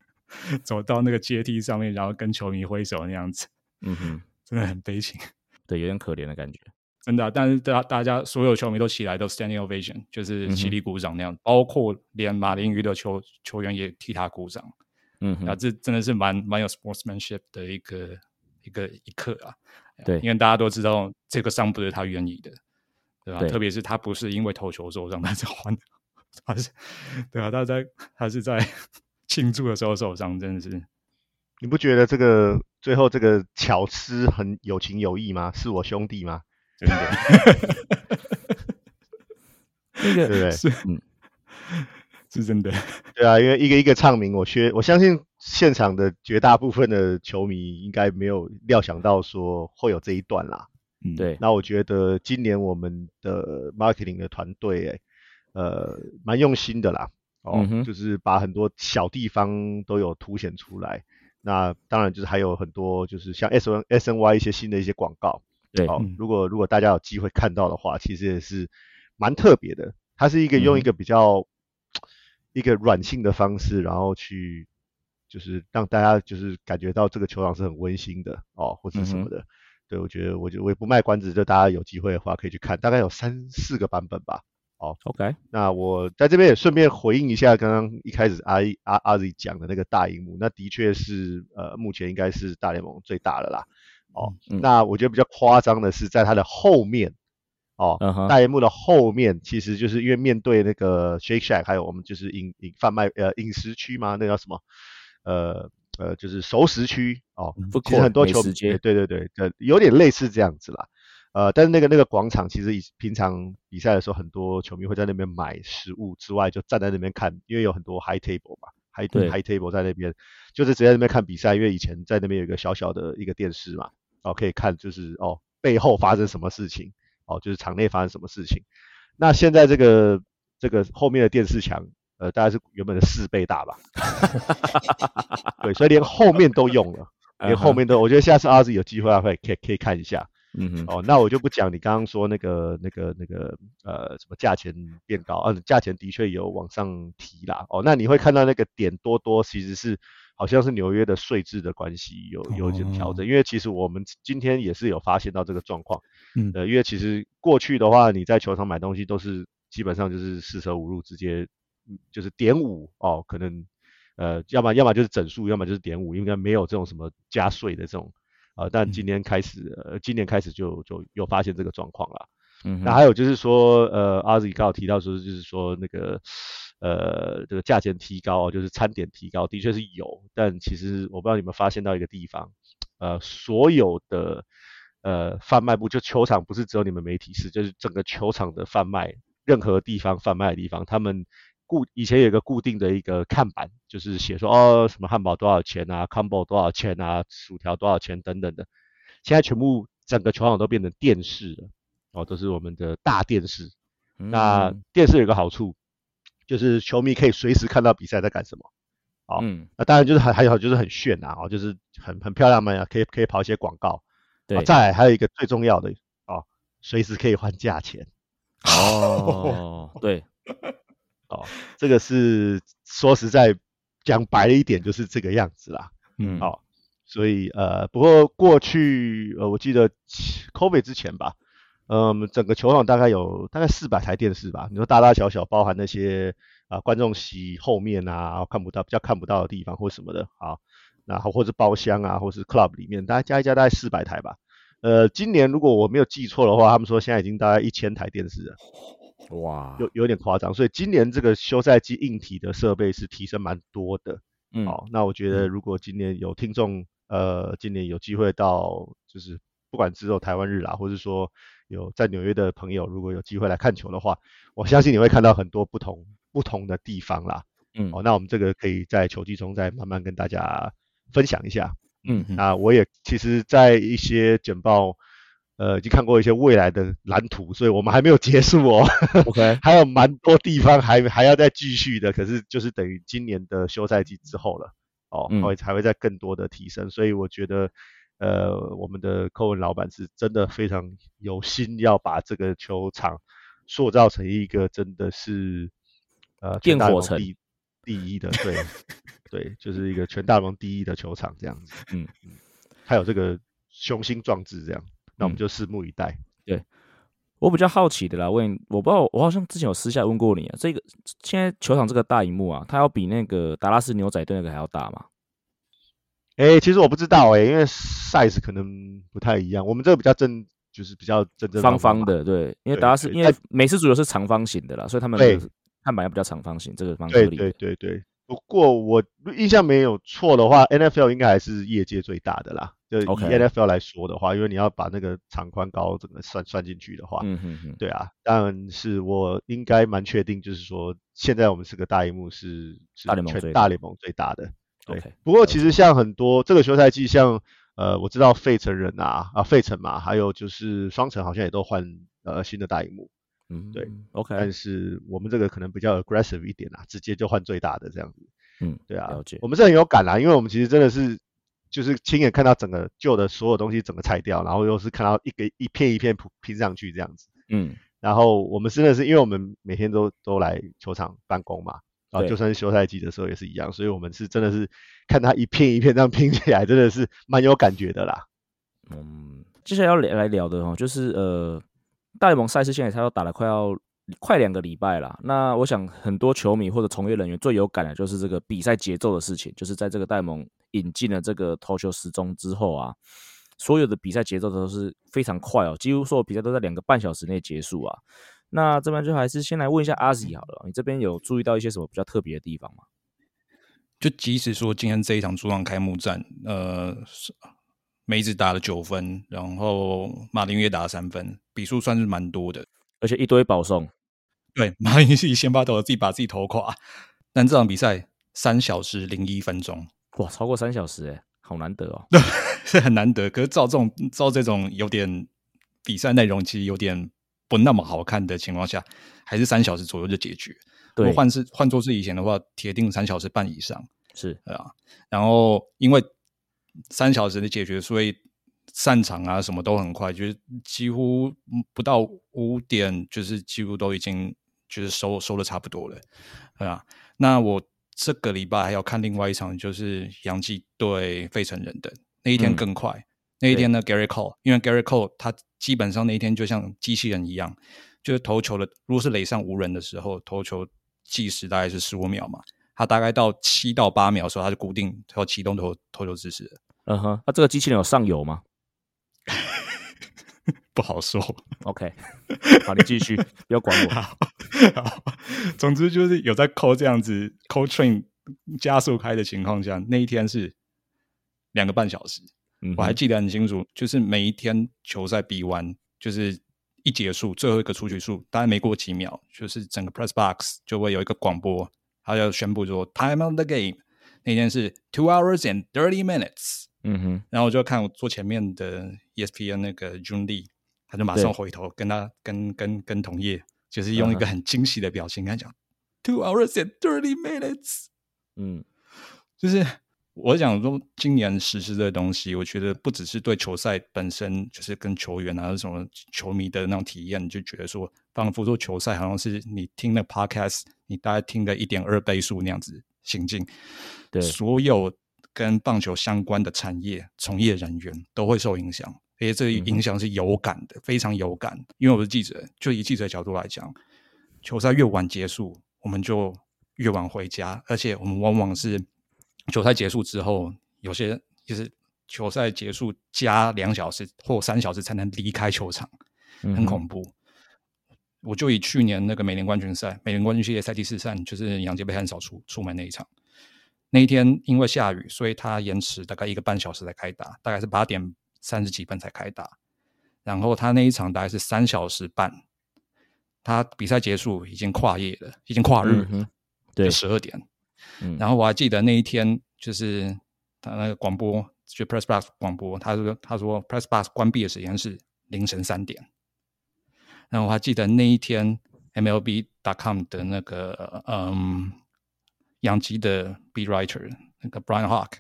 走到那個階梯上面，然後跟球迷揮手那樣子，嗯哼，真的很悲情，對，有點可憐的感覺。真的，但是大大家所有球迷都起來都 standing ovation，就是起立鼓掌那樣，嗯、哼包括連馬林魚的球球員也替他鼓掌。嗯哼，那、啊、這真的是蠻蠻有 sportsmanship 的一個一個一刻啊！對，因為大家都知道這個傷不是他願意的，對吧、啊？對。特別是他不是因為投球受傷，他是換，他是對啊，他在他是在慶祝的時候受傷，真的是你不覺得這個最後這個巧思很有情有義嗎？是我兄弟嗎？真的， 那個是對不對？嗯， 是真的。對啊，因為一個一個唱名，我確我相信現場的絕大部分的球迷應該沒有料想到說會有這一段啦。嗯，對。那我覺得今年我們的 marketing 的團隊誒，呃，蠻用心的啦。哦，嗯哼，就是把很多小地方都有凸顯出來。那當然，就是還有很多，就是像 S N S N Y 一些新的一些廣告。好、哦，如果如果大家有機會看到的話，其實也是蠻特別的。它是一個用一個比較一個軟性的方式，嗯、哼然後去就是讓大家就是感覺到這個球場是很溫馨的哦，或者是什麼的。嗯、哼對，我覺得，我就我也不賣關子，就大家有機會的話可以去看，大概有三四個版本吧。好、哦，OK。那我在這邊也順便回應一下剛剛一開始阿里阿阿 Z 講的那個大熒幕，那的確是呃目前應該是大聯盟最大的啦。哦，嗯、那我覺得比較誇張的是，在它的後面，哦，uh huh. 大螢幕的後面，其實就是因為面對那個 Shake Shack，還有我們就是飲飲販賣呃飲食區嘛，那叫什麼？呃呃，就是熟食區哦。不，其實很多球迷、欸、對對對，有點類似這樣子啦。呃，但是那個那個廣場其實以平常比賽的時候，很多球迷會在那邊買食物之外，就站在那邊看，因為有很多 High Table 嘛 High High Table 在那邊，就是直接在那邊看比賽，因為以前在那邊有一個小小的一個電視嘛。哦，可以看就是哦，背後發生什麼事情，哦，就是場內發生什麼事情。那現在這個這個後面的電視牆，呃，大概是原本的四倍大吧。 對，所以連後面都用了， 連後面都，我覺得下次阿子有機會還、啊、會可以可以看一下。嗯哼，哦，那我就不講你剛剛說那個那個那個呃什麼價錢變高啊，價錢的確有往上提啦。哦，那你會看到那個點多多其實是好像是紐約的稅制的關係，有有一些調整，哦、因為其實我們今天也是有發現到這個狀況。嗯，呃，因為其實過去的話，你在球場買東西都是基本上就是四捨五入直接、嗯、就是點五哦，可能呃要麼要麼就是整數，要麼就是點五，應該沒有這種什麼加稅的這種。呃但今年開始，嗯呃、今年開始就就又發現這個狀況了。嗯哼，那還有就是說，呃，Ozzy 剛好提到說，就是說那個，呃，這個價錢提高，就是餐點提高，的確是有。但其實我不知道你們有沒有發現到一個地方，呃，所有的呃販賣部，就球場不是只有你們媒體室，就是整個球場的販賣，任何地方販賣的地方，他們。固以前有一個固定的一個看板，就是寫說哦什麼漢堡多少錢啊，combo 多少錢啊，薯條多少錢等等的。現在全部整個球場都變成電視了，哦，都是我們的大電視。嗯、那電視有一個好處，就是球迷可以隨時看到比賽在幹什麼。哦，嗯、那當然就是還還有就是很炫啊，哦、就是很很漂亮嘛，可以可以跑一些廣告。對，再來、哦、還有一個最重要的哦，隨時可以換價錢。哦， 對。哦，這個是說實在，講白了一點就是這個樣子啦。嗯，好、哦，所以呃，不過過去呃，我記得 COVID 之前吧，嗯、呃，整個球場大概有大概四百台電視吧。你說大大小小，包含那些啊、呃、觀眾席後面啊，然後看不到比較看不到的地方或什麼的啊、哦，然後或者包廂啊，或是 Club 裡面，大家加一加大概四百台吧。呃，今年如果我沒有記錯的話，他們說現在已經大概一千台電視了。哇，有有點誇張，所以今年這個休賽期硬體的設備是提升蠻多的。嗯，好、哦，那我覺得如果今年有聽眾，呃，今年有機會到，就是不管只有台灣日啦，或是說有在紐約的朋友，如果有機會來看球的話，我相信你會看到很多不同不同的地方啦。嗯，好、哦，那我們這個可以在球季中再慢慢跟大家分享一下。嗯哼，那，我也其實，在一些簡報。呃，已經看過一些未來的藍圖，所以我們還沒有結束哦。 OK，還有蠻多地方還還要再繼續的。可是就是等於今年的休賽季之後了，哦，嗯，還會還會再更多的提升。所以我覺得，呃，我們的寇文老闆是真的非常有心要把這個球場塑造成一個真的是呃，城大龍第一的，對 對，就是一個全大龍第一的球場這樣子。嗯嗯，他有這個雄心壯志這樣。那我們就拭目以待、嗯。對，我比較好奇的啦，問我不知道，我好像之前有私下問過你、啊，這個現在球場這個大螢幕啊，它要比那個達拉斯牛仔隊那個還要大嗎？哎、欸，其實我不知道哎、欸，因為 size 可能不太一樣。我們這個比較正，就是比較正的方,方方的，對。因為達拉斯，因為美式足球是長方形的啦，所以他們的對看板要比較長方形，這個方對對對對,對。不過我印象沒有錯的話，NFL 應該還是業界最大的啦。就 N F L 來說的話，Okay. 因為你要把那個長寬高整個算算進去的話，嗯、哼哼對啊。但是，我應該蠻確定，就是說，現在我們這個大熒幕是全大聯盟最,是大聯盟最大的。嗯、哼對，Okay. 不過其實像很多這個休賽季，像呃，我知道費城人啊啊費城嘛，還有就是雙城好像也都換呃新的大熒幕，嗯哼，對。O Okay . K，但是我們這個可能比較 aggressive 一點啊，直接就換最大的這樣子。嗯，對啊。解我們是很有感啦，啊，因為我們其實真的是。就是親眼看到整個舊的所有東西整個拆掉，然後又是看到一個一片一片拼上去這樣子，嗯，然後我們真的是因為我們每天都都來球場辦公嘛，然後就算是休賽季的時候也是一樣，對所以我們是真的是看它一片一片這樣拼起來，真的是蠻有感覺的啦。嗯，接下來要聊來聊的哦，就是呃，大聯盟賽事現在它要打了快要。快兩個禮拜了，那我想很多球迷或者從業人員最有感的就是這個比賽節奏的事情，就是在這個大聯盟引進了這個投球時鐘之後啊，所有的比賽節奏都是非常快哦，幾乎所有比賽都在兩個半小時內結束啊。那這邊就還是先來問一下阿西好了，你這邊有注意到一些什麼比較特別的地方嗎？就即使說今天這一場主場開幕戰，呃，梅子打了九分，然後馬林魚打了三分，比數算是蠻多的，而且一堆保送。對，馬雲自己先把頭，自己把自己投垮。但這場比賽三小時零一分鐘，哇，超過三小時哎，好難得哦。對，是很難得。可是照這種照這種有點比賽內容，其實有點不那麼好看的情況下，還是三小時左右就解決。對，如果換是換做是以前的話，鐵定三小時半以上是啊、嗯。然後因為三小時的解決，所以。散場啊，什麼都很快，就是幾乎不到五點，就是幾乎都已經就是收收的差不多了、嗯嗯、啊。那我這個禮拜還要看另外一場，就是洋基對費城人的那一天更快。嗯、那一天呢對，Gary Cole，因為 Gary Cole 他基本上那一天就像機器人一樣，就是投球的，如果是壘上無人的時候，投球計時大概是十五秒嘛。他大概到七到八秒的時候，他就固定要啟動投投球姿勢。嗯哼、uh，那、huh. 啊、這個機器人有上游嗎？不好說，OK，好，你繼續， 不要管我。總之就是有在扣這樣子扣 train 加速開的情況下，那一天是兩個半小時，嗯、哼我還記得很清楚。就是每一天球賽比完，就是一結束最後一個出局數，大概沒過幾秒，就是整個 press box 就會有一個廣播，他就宣布說 time of the game。那天是 two hours and thirty minutes，嗯哼，然後我就看我坐前面的 ESPN 那個 Jun Li。他就馬上回頭跟他跟對跟跟,跟同業，就是用一個很驚喜的表情跟他講，uh huh. two hours and thirty minutes。嗯，就是我想說，今年實施的東西，我覺得不只是對球賽本身，就是跟球員啊，什麼球迷的那種體驗，就覺得說，仿佛說球賽好像是你聽的 podcast，你大概聽的一點二倍速那樣子行進。對，所有跟棒球相關的產業從業人員都會受影響。而且這個影響是有感的，嗯、哼非常有感。因為我是記者，就以記者的角度來講，球賽越晚結束，我們就越晚回家。而且我們往往是球賽結束之後，有些就是球賽結束加兩小時或三小時才能離開球場，嗯、哼很恐怖。我就以去年那個美聯冠軍賽、美聯冠軍系列賽第四戰就是洋基被橫掃出出門那一場。那一天因為下雨，所以他延遲大概一個半小時才開打，大概是八點。三十幾分才開打，然後他那一場大概是三小時半，他比賽結束已經跨夜了，已經跨日了、嗯，對，十二點。嗯、然後我還記得那一天，就是他那個廣播，就 Press Box 廣播，他說他說 Press Box 關閉的時間是凌晨三點。然後我還記得那一天 MLB.com 的那個嗯，揚、呃、基的 Beat Writer 那個 Brian Hawk。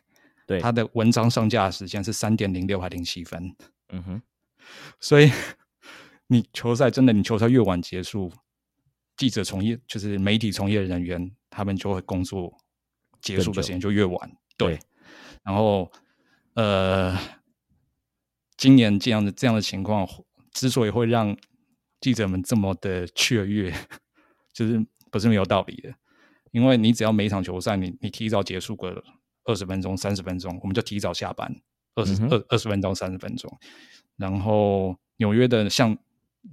對，他的文章上架時間是三點零六還零七分，嗯哼。所以你球賽真的，你球賽越晚結束，記者從業就是媒體從業人員，他們就會工作結束的時間就越晚。更久。對，然後呃，今年這樣的這樣的情況之所以會讓記者們這麼的雀躍，就是不是沒有道理的，因為你只要每一場球賽你你提早結束過了。二十分鐘、三十分鐘，我們就提早下班。二十二二十分鐘、三十分鐘，然後紐約的像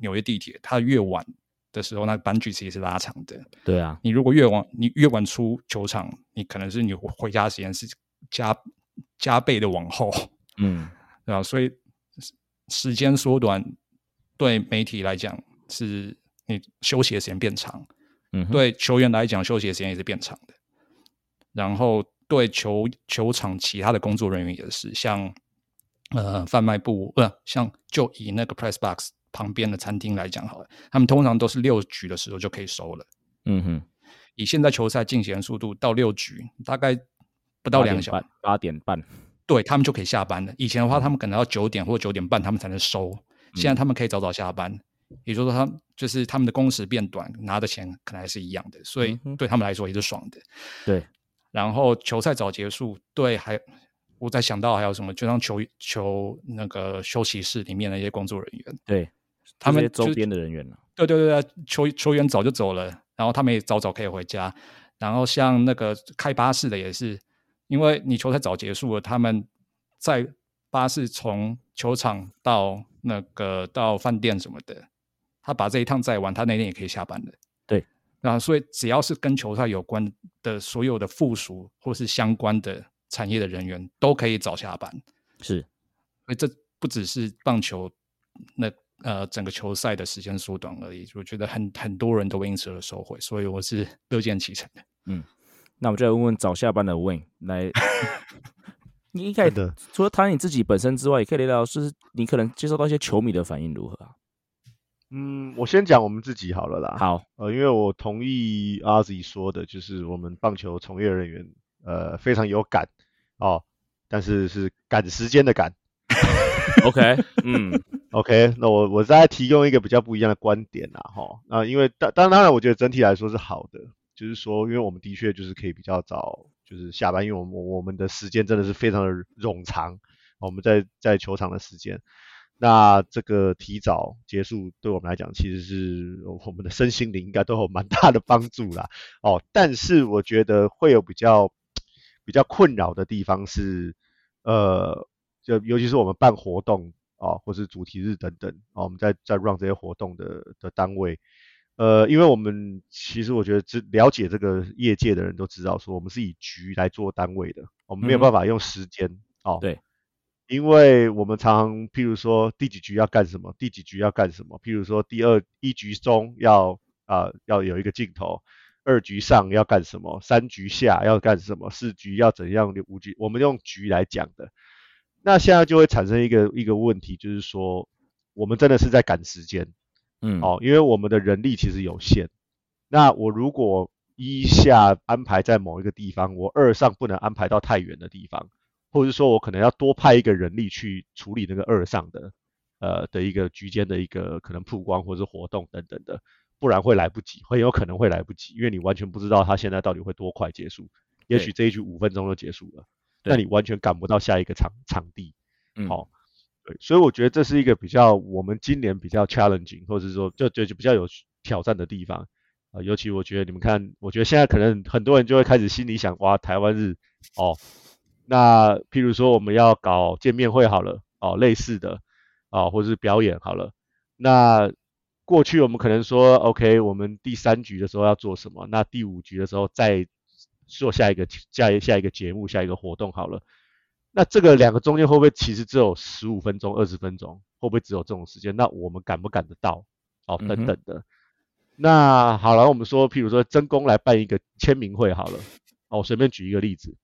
紐約地鐵，它越晚的時候，那個班距其實也是拉長的。對啊，你如果越晚，你越晚出球場，你可能是你回家時間是加加倍的往後。嗯，對吧？所以時間縮短，對媒體來講是你休息的時間變長，嗯哼，對球員來講休息的時間也是變長的，然後。對球球場其他的工作人員也是，像呃，販賣部，不、呃，像就以那個 press box 旁邊的餐廳來講好了，他們通常都是六局的時候就可以收了。嗯哼，以現在球賽進行的速度到，到六局大概不到兩個小時，八點,八點半，對他們就可以下班了。以前的話，他們可能要九點或九點半他們才能收，嗯、現在他們可以早早下班。也就是說他，他就是他們的工時變短，拿的錢可能還是一樣的，所以對他們來說也是爽的。嗯、對。然後球賽早結束，對，還我在想到還有什麼，就像球球那個休息室裡面那些工作人員，對，他們周邊的人員，對對對，球球員早就走了，然後他們也早早可以回家。然後像那個開巴士的也是，因為你球賽早結束了，他們在巴士從球場到那個到飯店什麼的，他把這一趟載完，他那天也可以下班了。啊，所以只要是跟球賽有關的所有的附屬或是相關的產業的人員，都可以早下班。是，而這不只是棒球，那呃，整個球賽的時間縮短而已。我覺得很很多人都因此而收回，所以我是樂見其成的。嗯，那我就就問問早下班的 w in, 來 你 n 應該的。除了談你自己本身之外，也可以聊 y，就是你可能接收到一些球迷的反應如何啊？嗯，我先講我們自己好了啦。好，呃，因為我同意阿 Z 說的，就是我們棒球從業人員，呃，非常有感哦，但是是趕時間的趕。嗯 OK，嗯，OK，那我我再提供一個比較不一樣的觀點啦。哈，那、啊、因為當當然，我覺得整體來說是好的，就是說，因為我們的確就是可以比較早就是下班，因為我們我們的時間真的是非常的冗長，我們在在球場的時間。那這個提早結束，對我們來講，其實是我們的身心靈應該都有蠻大的幫助啦。哦，但是我覺得會有比較比較困擾的地方是，呃，就尤其是我們辦活動啊，或是主題日等等啊，我們在在 run 這些活動的的單位，呃，因為我們其實我覺得只了解這個業界的人都知道，說我們是以局來做單位的，我們沒有辦法用時間哦、嗯，對。因為我們常常，譬如說第幾局要幹什麼，第幾局要幹什麼？譬如說第二，一局中要啊、呃、要有一個鏡頭，二局上要幹什麼？三局下要幹什麼？四局要怎樣？五局我們用局來講的，那現在就會產生一個一個問題，就是說我們真的是在趕時間，嗯，哦，因為我們的人力其實有限，那我如果一下安排在某一個地方，我二上不能安排到太遠的地方。或者說，我可能要多派一個人力去處理那個二上的呃的一個局間的一個可能曝光或者是活動等等的，不然會來不及，很有可能會來不及，因為你完全不知道它現在到底會多快結束。也許這一局五分鐘就結束了，對那你完全趕不到下一個場場地。好、哦，嗯、對，所以我覺得這是一個比較我們今年比較 challenging，或者是說就覺得比較有挑戰的地方啊、呃。尤其我覺得你們看，我覺得現在可能很多人就會開始心裡想，哇，台灣日哦。那譬如說我們要搞見面會好了，哦類似的，哦，或是表演好了，那過去我們可能說，OK，我們第三局的時候要做什麼？那第五局的時候再做下一個、下一下一個節目、下一個活動好了。那這個兩個中間會不會其實只有十五分鐘、二十分鐘？會不會只有這種時間？那我們趕不趕得到？哦、mm hmm. 等等的。那好了，我們說譬如說真宮來辦一個簽名會好了，哦我隨便舉一個例子。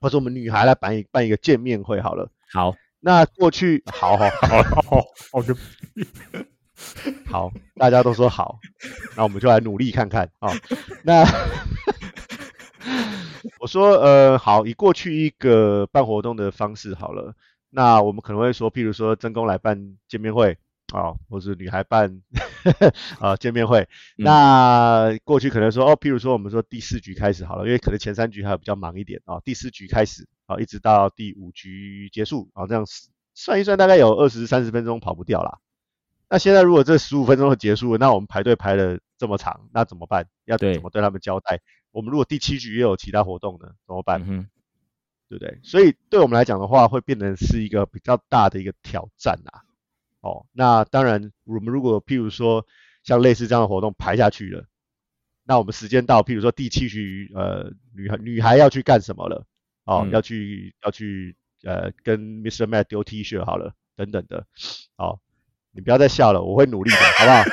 或者我們女孩來辦一辦一個見面會好了，好，那過去，好好好好好好，好，好，好，大家都說好， 那我們就來努力看看啊、哦。那 我說，呃，好，以過去一個辦活動的方式好了，那我們可能會說，譬如說，真工來辦見面會。好、哦，或是女孩辦啊、哦、見面會，嗯、那過去可能說哦，譬如說我們說第四局開始好了，因為可能前三局還有比較忙一點啊、哦，第四局開始啊、哦，一直到第五局結束啊、哦，這樣算一算大概有二十三十分鐘跑不掉啦。那現在如果這十五分鐘結束了，那我們排隊排了這麼長，那怎麼辦？要怎麼對他們交代？對我們如果第七局又有其他活動呢？怎麼辦？嗯、哼對不對，對？所以對我們來講的話，會變成是一個比較大的一個挑戰啊。哦，那當然，我們如果譬如說，像類似這樣的活動排下去了，那我們時間到，譬如說第七局，呃，女孩女孩要去幹什麼了？哦，要去、嗯、要去，呃，跟 Mr. Matt 丟 T 恤好了，等等的。哦，你不要再笑了，我會努力的，好不好？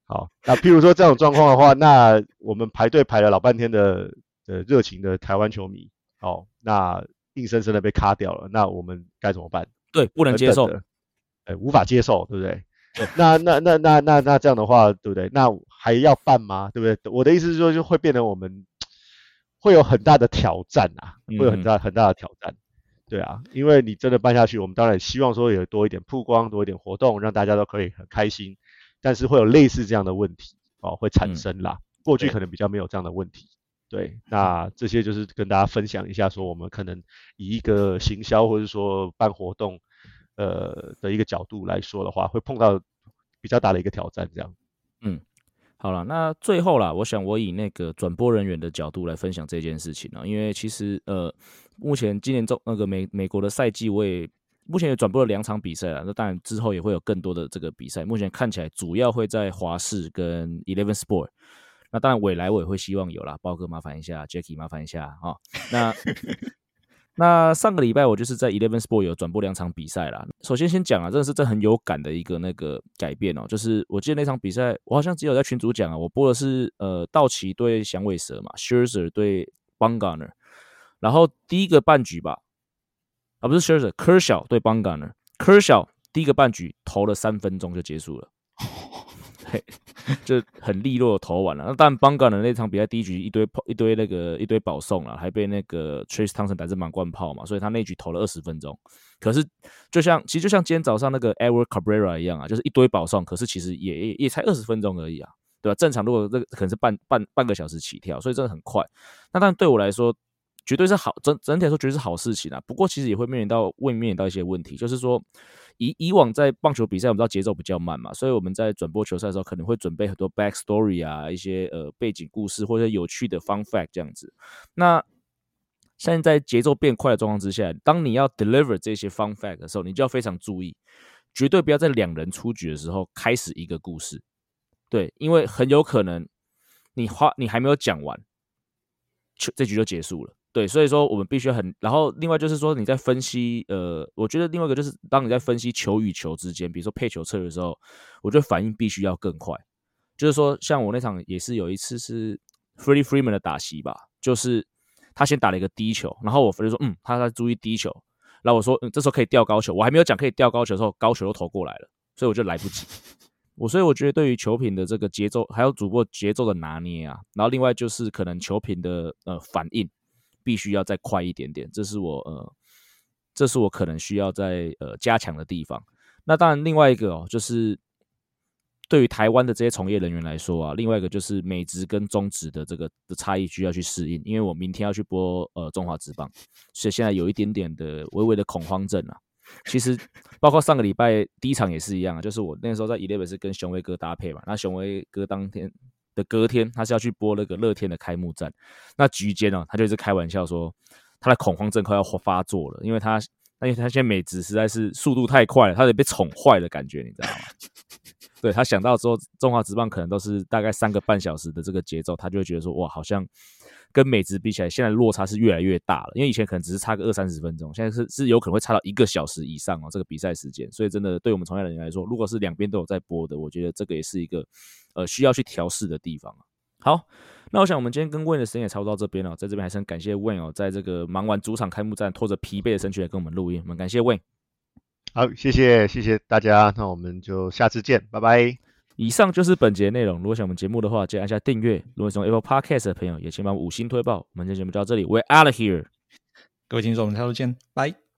好，那譬如說這種狀況的話，那我們排隊排了老半天的，呃，熱情的台灣球迷，哦，那硬生生的被卡掉了，那我們該怎麼辦？對，不能接受，哎，無法接受，對不對？對。那那那那那那這樣的話，對不對？那還要辦嗎？對不對？我的意思是說，就會變成我們會有很大的挑戰啊，會有很大很大的挑戰，嗯嗯，對啊，因為你真的辦下去，我們當然希望說有多一點曝光，多一點活動，讓大家都可以很開心，但是會有類似這樣的問題哦、啊，會產生啦。嗯、過去可能比較沒有這樣的問題。對，那這些就是跟大家分享一下，說我們可能以一個行銷或者說辦活動，呃的一個角度來說的話，會碰到比較大的一個挑戰。這樣，嗯，好了，那最後啦，我想我以那個轉播人員的角度來分享這件事情了啊，因為其實呃，目前今年中那個美美國的賽季，我也目前也轉播了兩場比賽了，那當然之後也會有更多的這個比賽，目前看起來主要會在華視跟 Eleven Sport。那當然，未來我也會希望有啦。包哥麻煩一下 Jackie 麻煩一下啊、哦。那 那上個禮拜我就是在 Eleven Sport 有轉播兩場比賽啦。首先先講啊，真的是這很有感的一個那個改變哦。就是我記得那場比賽，我好像只有在群組講啊，我播的是呃道奇對響尾蛇嘛 Scherzer 對 Bumgarner 然後第一個半局吧，啊不是 Scherzer Kershaw 對 Bumgarner，Kershaw 第一個半局投了三分鐘就結束了。 就很利落的投完了。啊，那但邦崗的那場比賽第一局一堆一堆那個一堆保送啊，還被那個 Trace 湯森打成滿貫砲嘛，所以他那局投了二十分鐘。可是就像其實就像今天早上那個 Edward Cabrera 一樣啊，就是一堆保送，可是其實也也，也才二十分鐘而已啊，對吧？啊，正常如果這個可能是半半半個小時起跳，所以真的很快。那但對我來說絕對是好整整體來說絕對是好事情啊，不過其實也會面臨到未面臨到一些問題，就是說，以以往在棒球比賽，我們知道節奏比較慢嘛，所以我們在轉播球賽的時候，可能會準備很多 backstory 啊，一些呃背景故事或者有趣的方法這樣子。那現在節奏變快的狀況之下，當你要 deliver 這些方法 fact 的時候，你就要非常注意，絕對不要在兩人出局的時候開始一個故事。對，因為很有可能你話，你還沒有講完，這局就結束了。對，所以說我們必須很，然後另外就是說你在分析，呃，我覺得另外一個就是當你在分析球與球之間，比如說配球策略的時候，我覺得反應必須要更快。就是說，像我那場也是有一次是 Freddie Freeman 的打席吧，就是他先打了一個低球，然後我就說嗯，他在注意低球，然後我說嗯，這時候可以調高球，我還沒有講可以調高球的時候，高球又投過來了，所以我就來不及。我所以我覺得對於球評的這個節奏，還有主播節奏的拿捏啊，然後另外就是可能球評的呃反應。必須要再快一點點，這是我呃，這是我可能需要再呃加強的地方。那當然，另外一個哦，就是對於台灣的這些從業人員來說啊，另外一個就是美職跟中職的這個的差異需要去適應，因為我明天要去播呃中華職棒，所以現在有一點點的微微的恐慌症啊。其實，包括上個禮拜第一場也是一樣啊，就是我那時候在 Eleven 是跟雄威哥搭配嘛，那雄威哥當天。的隔天，他是要去播那個樂天的開幕戰，那局間呢、啊，他就是開玩笑說，他的恐慌症快要發作了，因為他，因為他現在美職實在是速度太快了，他得被寵壞的感覺，你知道嗎？ 對，他想到之後，中華職棒可能都是大概三個半小時的這個節奏，他就會覺得說，哇，好像跟美職比起來，現在落差是越來越大了。因為以前可能只是差個二三十分鐘，現在是是有可能會差到一個小時以上哦，這個比賽時間。所以真的對我們從業人員來說，如果是兩邊都有在播的，我覺得這個也是一個呃需要去調試的地方。好，那我想我們今天跟 Wayne 的時間也差不多到這邊了哦，在這邊還是很感謝 Wayne 哦，在這個忙完主場開幕戰，拖着疲憊的身軀來跟我們錄音，我們感謝 Wayne。好，謝謝謝謝大家，那我們就下次見，拜拜。以上就是本節內容，如果喜歡我們節目的話，記得按下訂閱。如果想用 Apple Podcast 的朋友也請幫我們五星推爆。我們節目就到這裡，We're out of here。各位聽眾，我們下周見，拜,拜。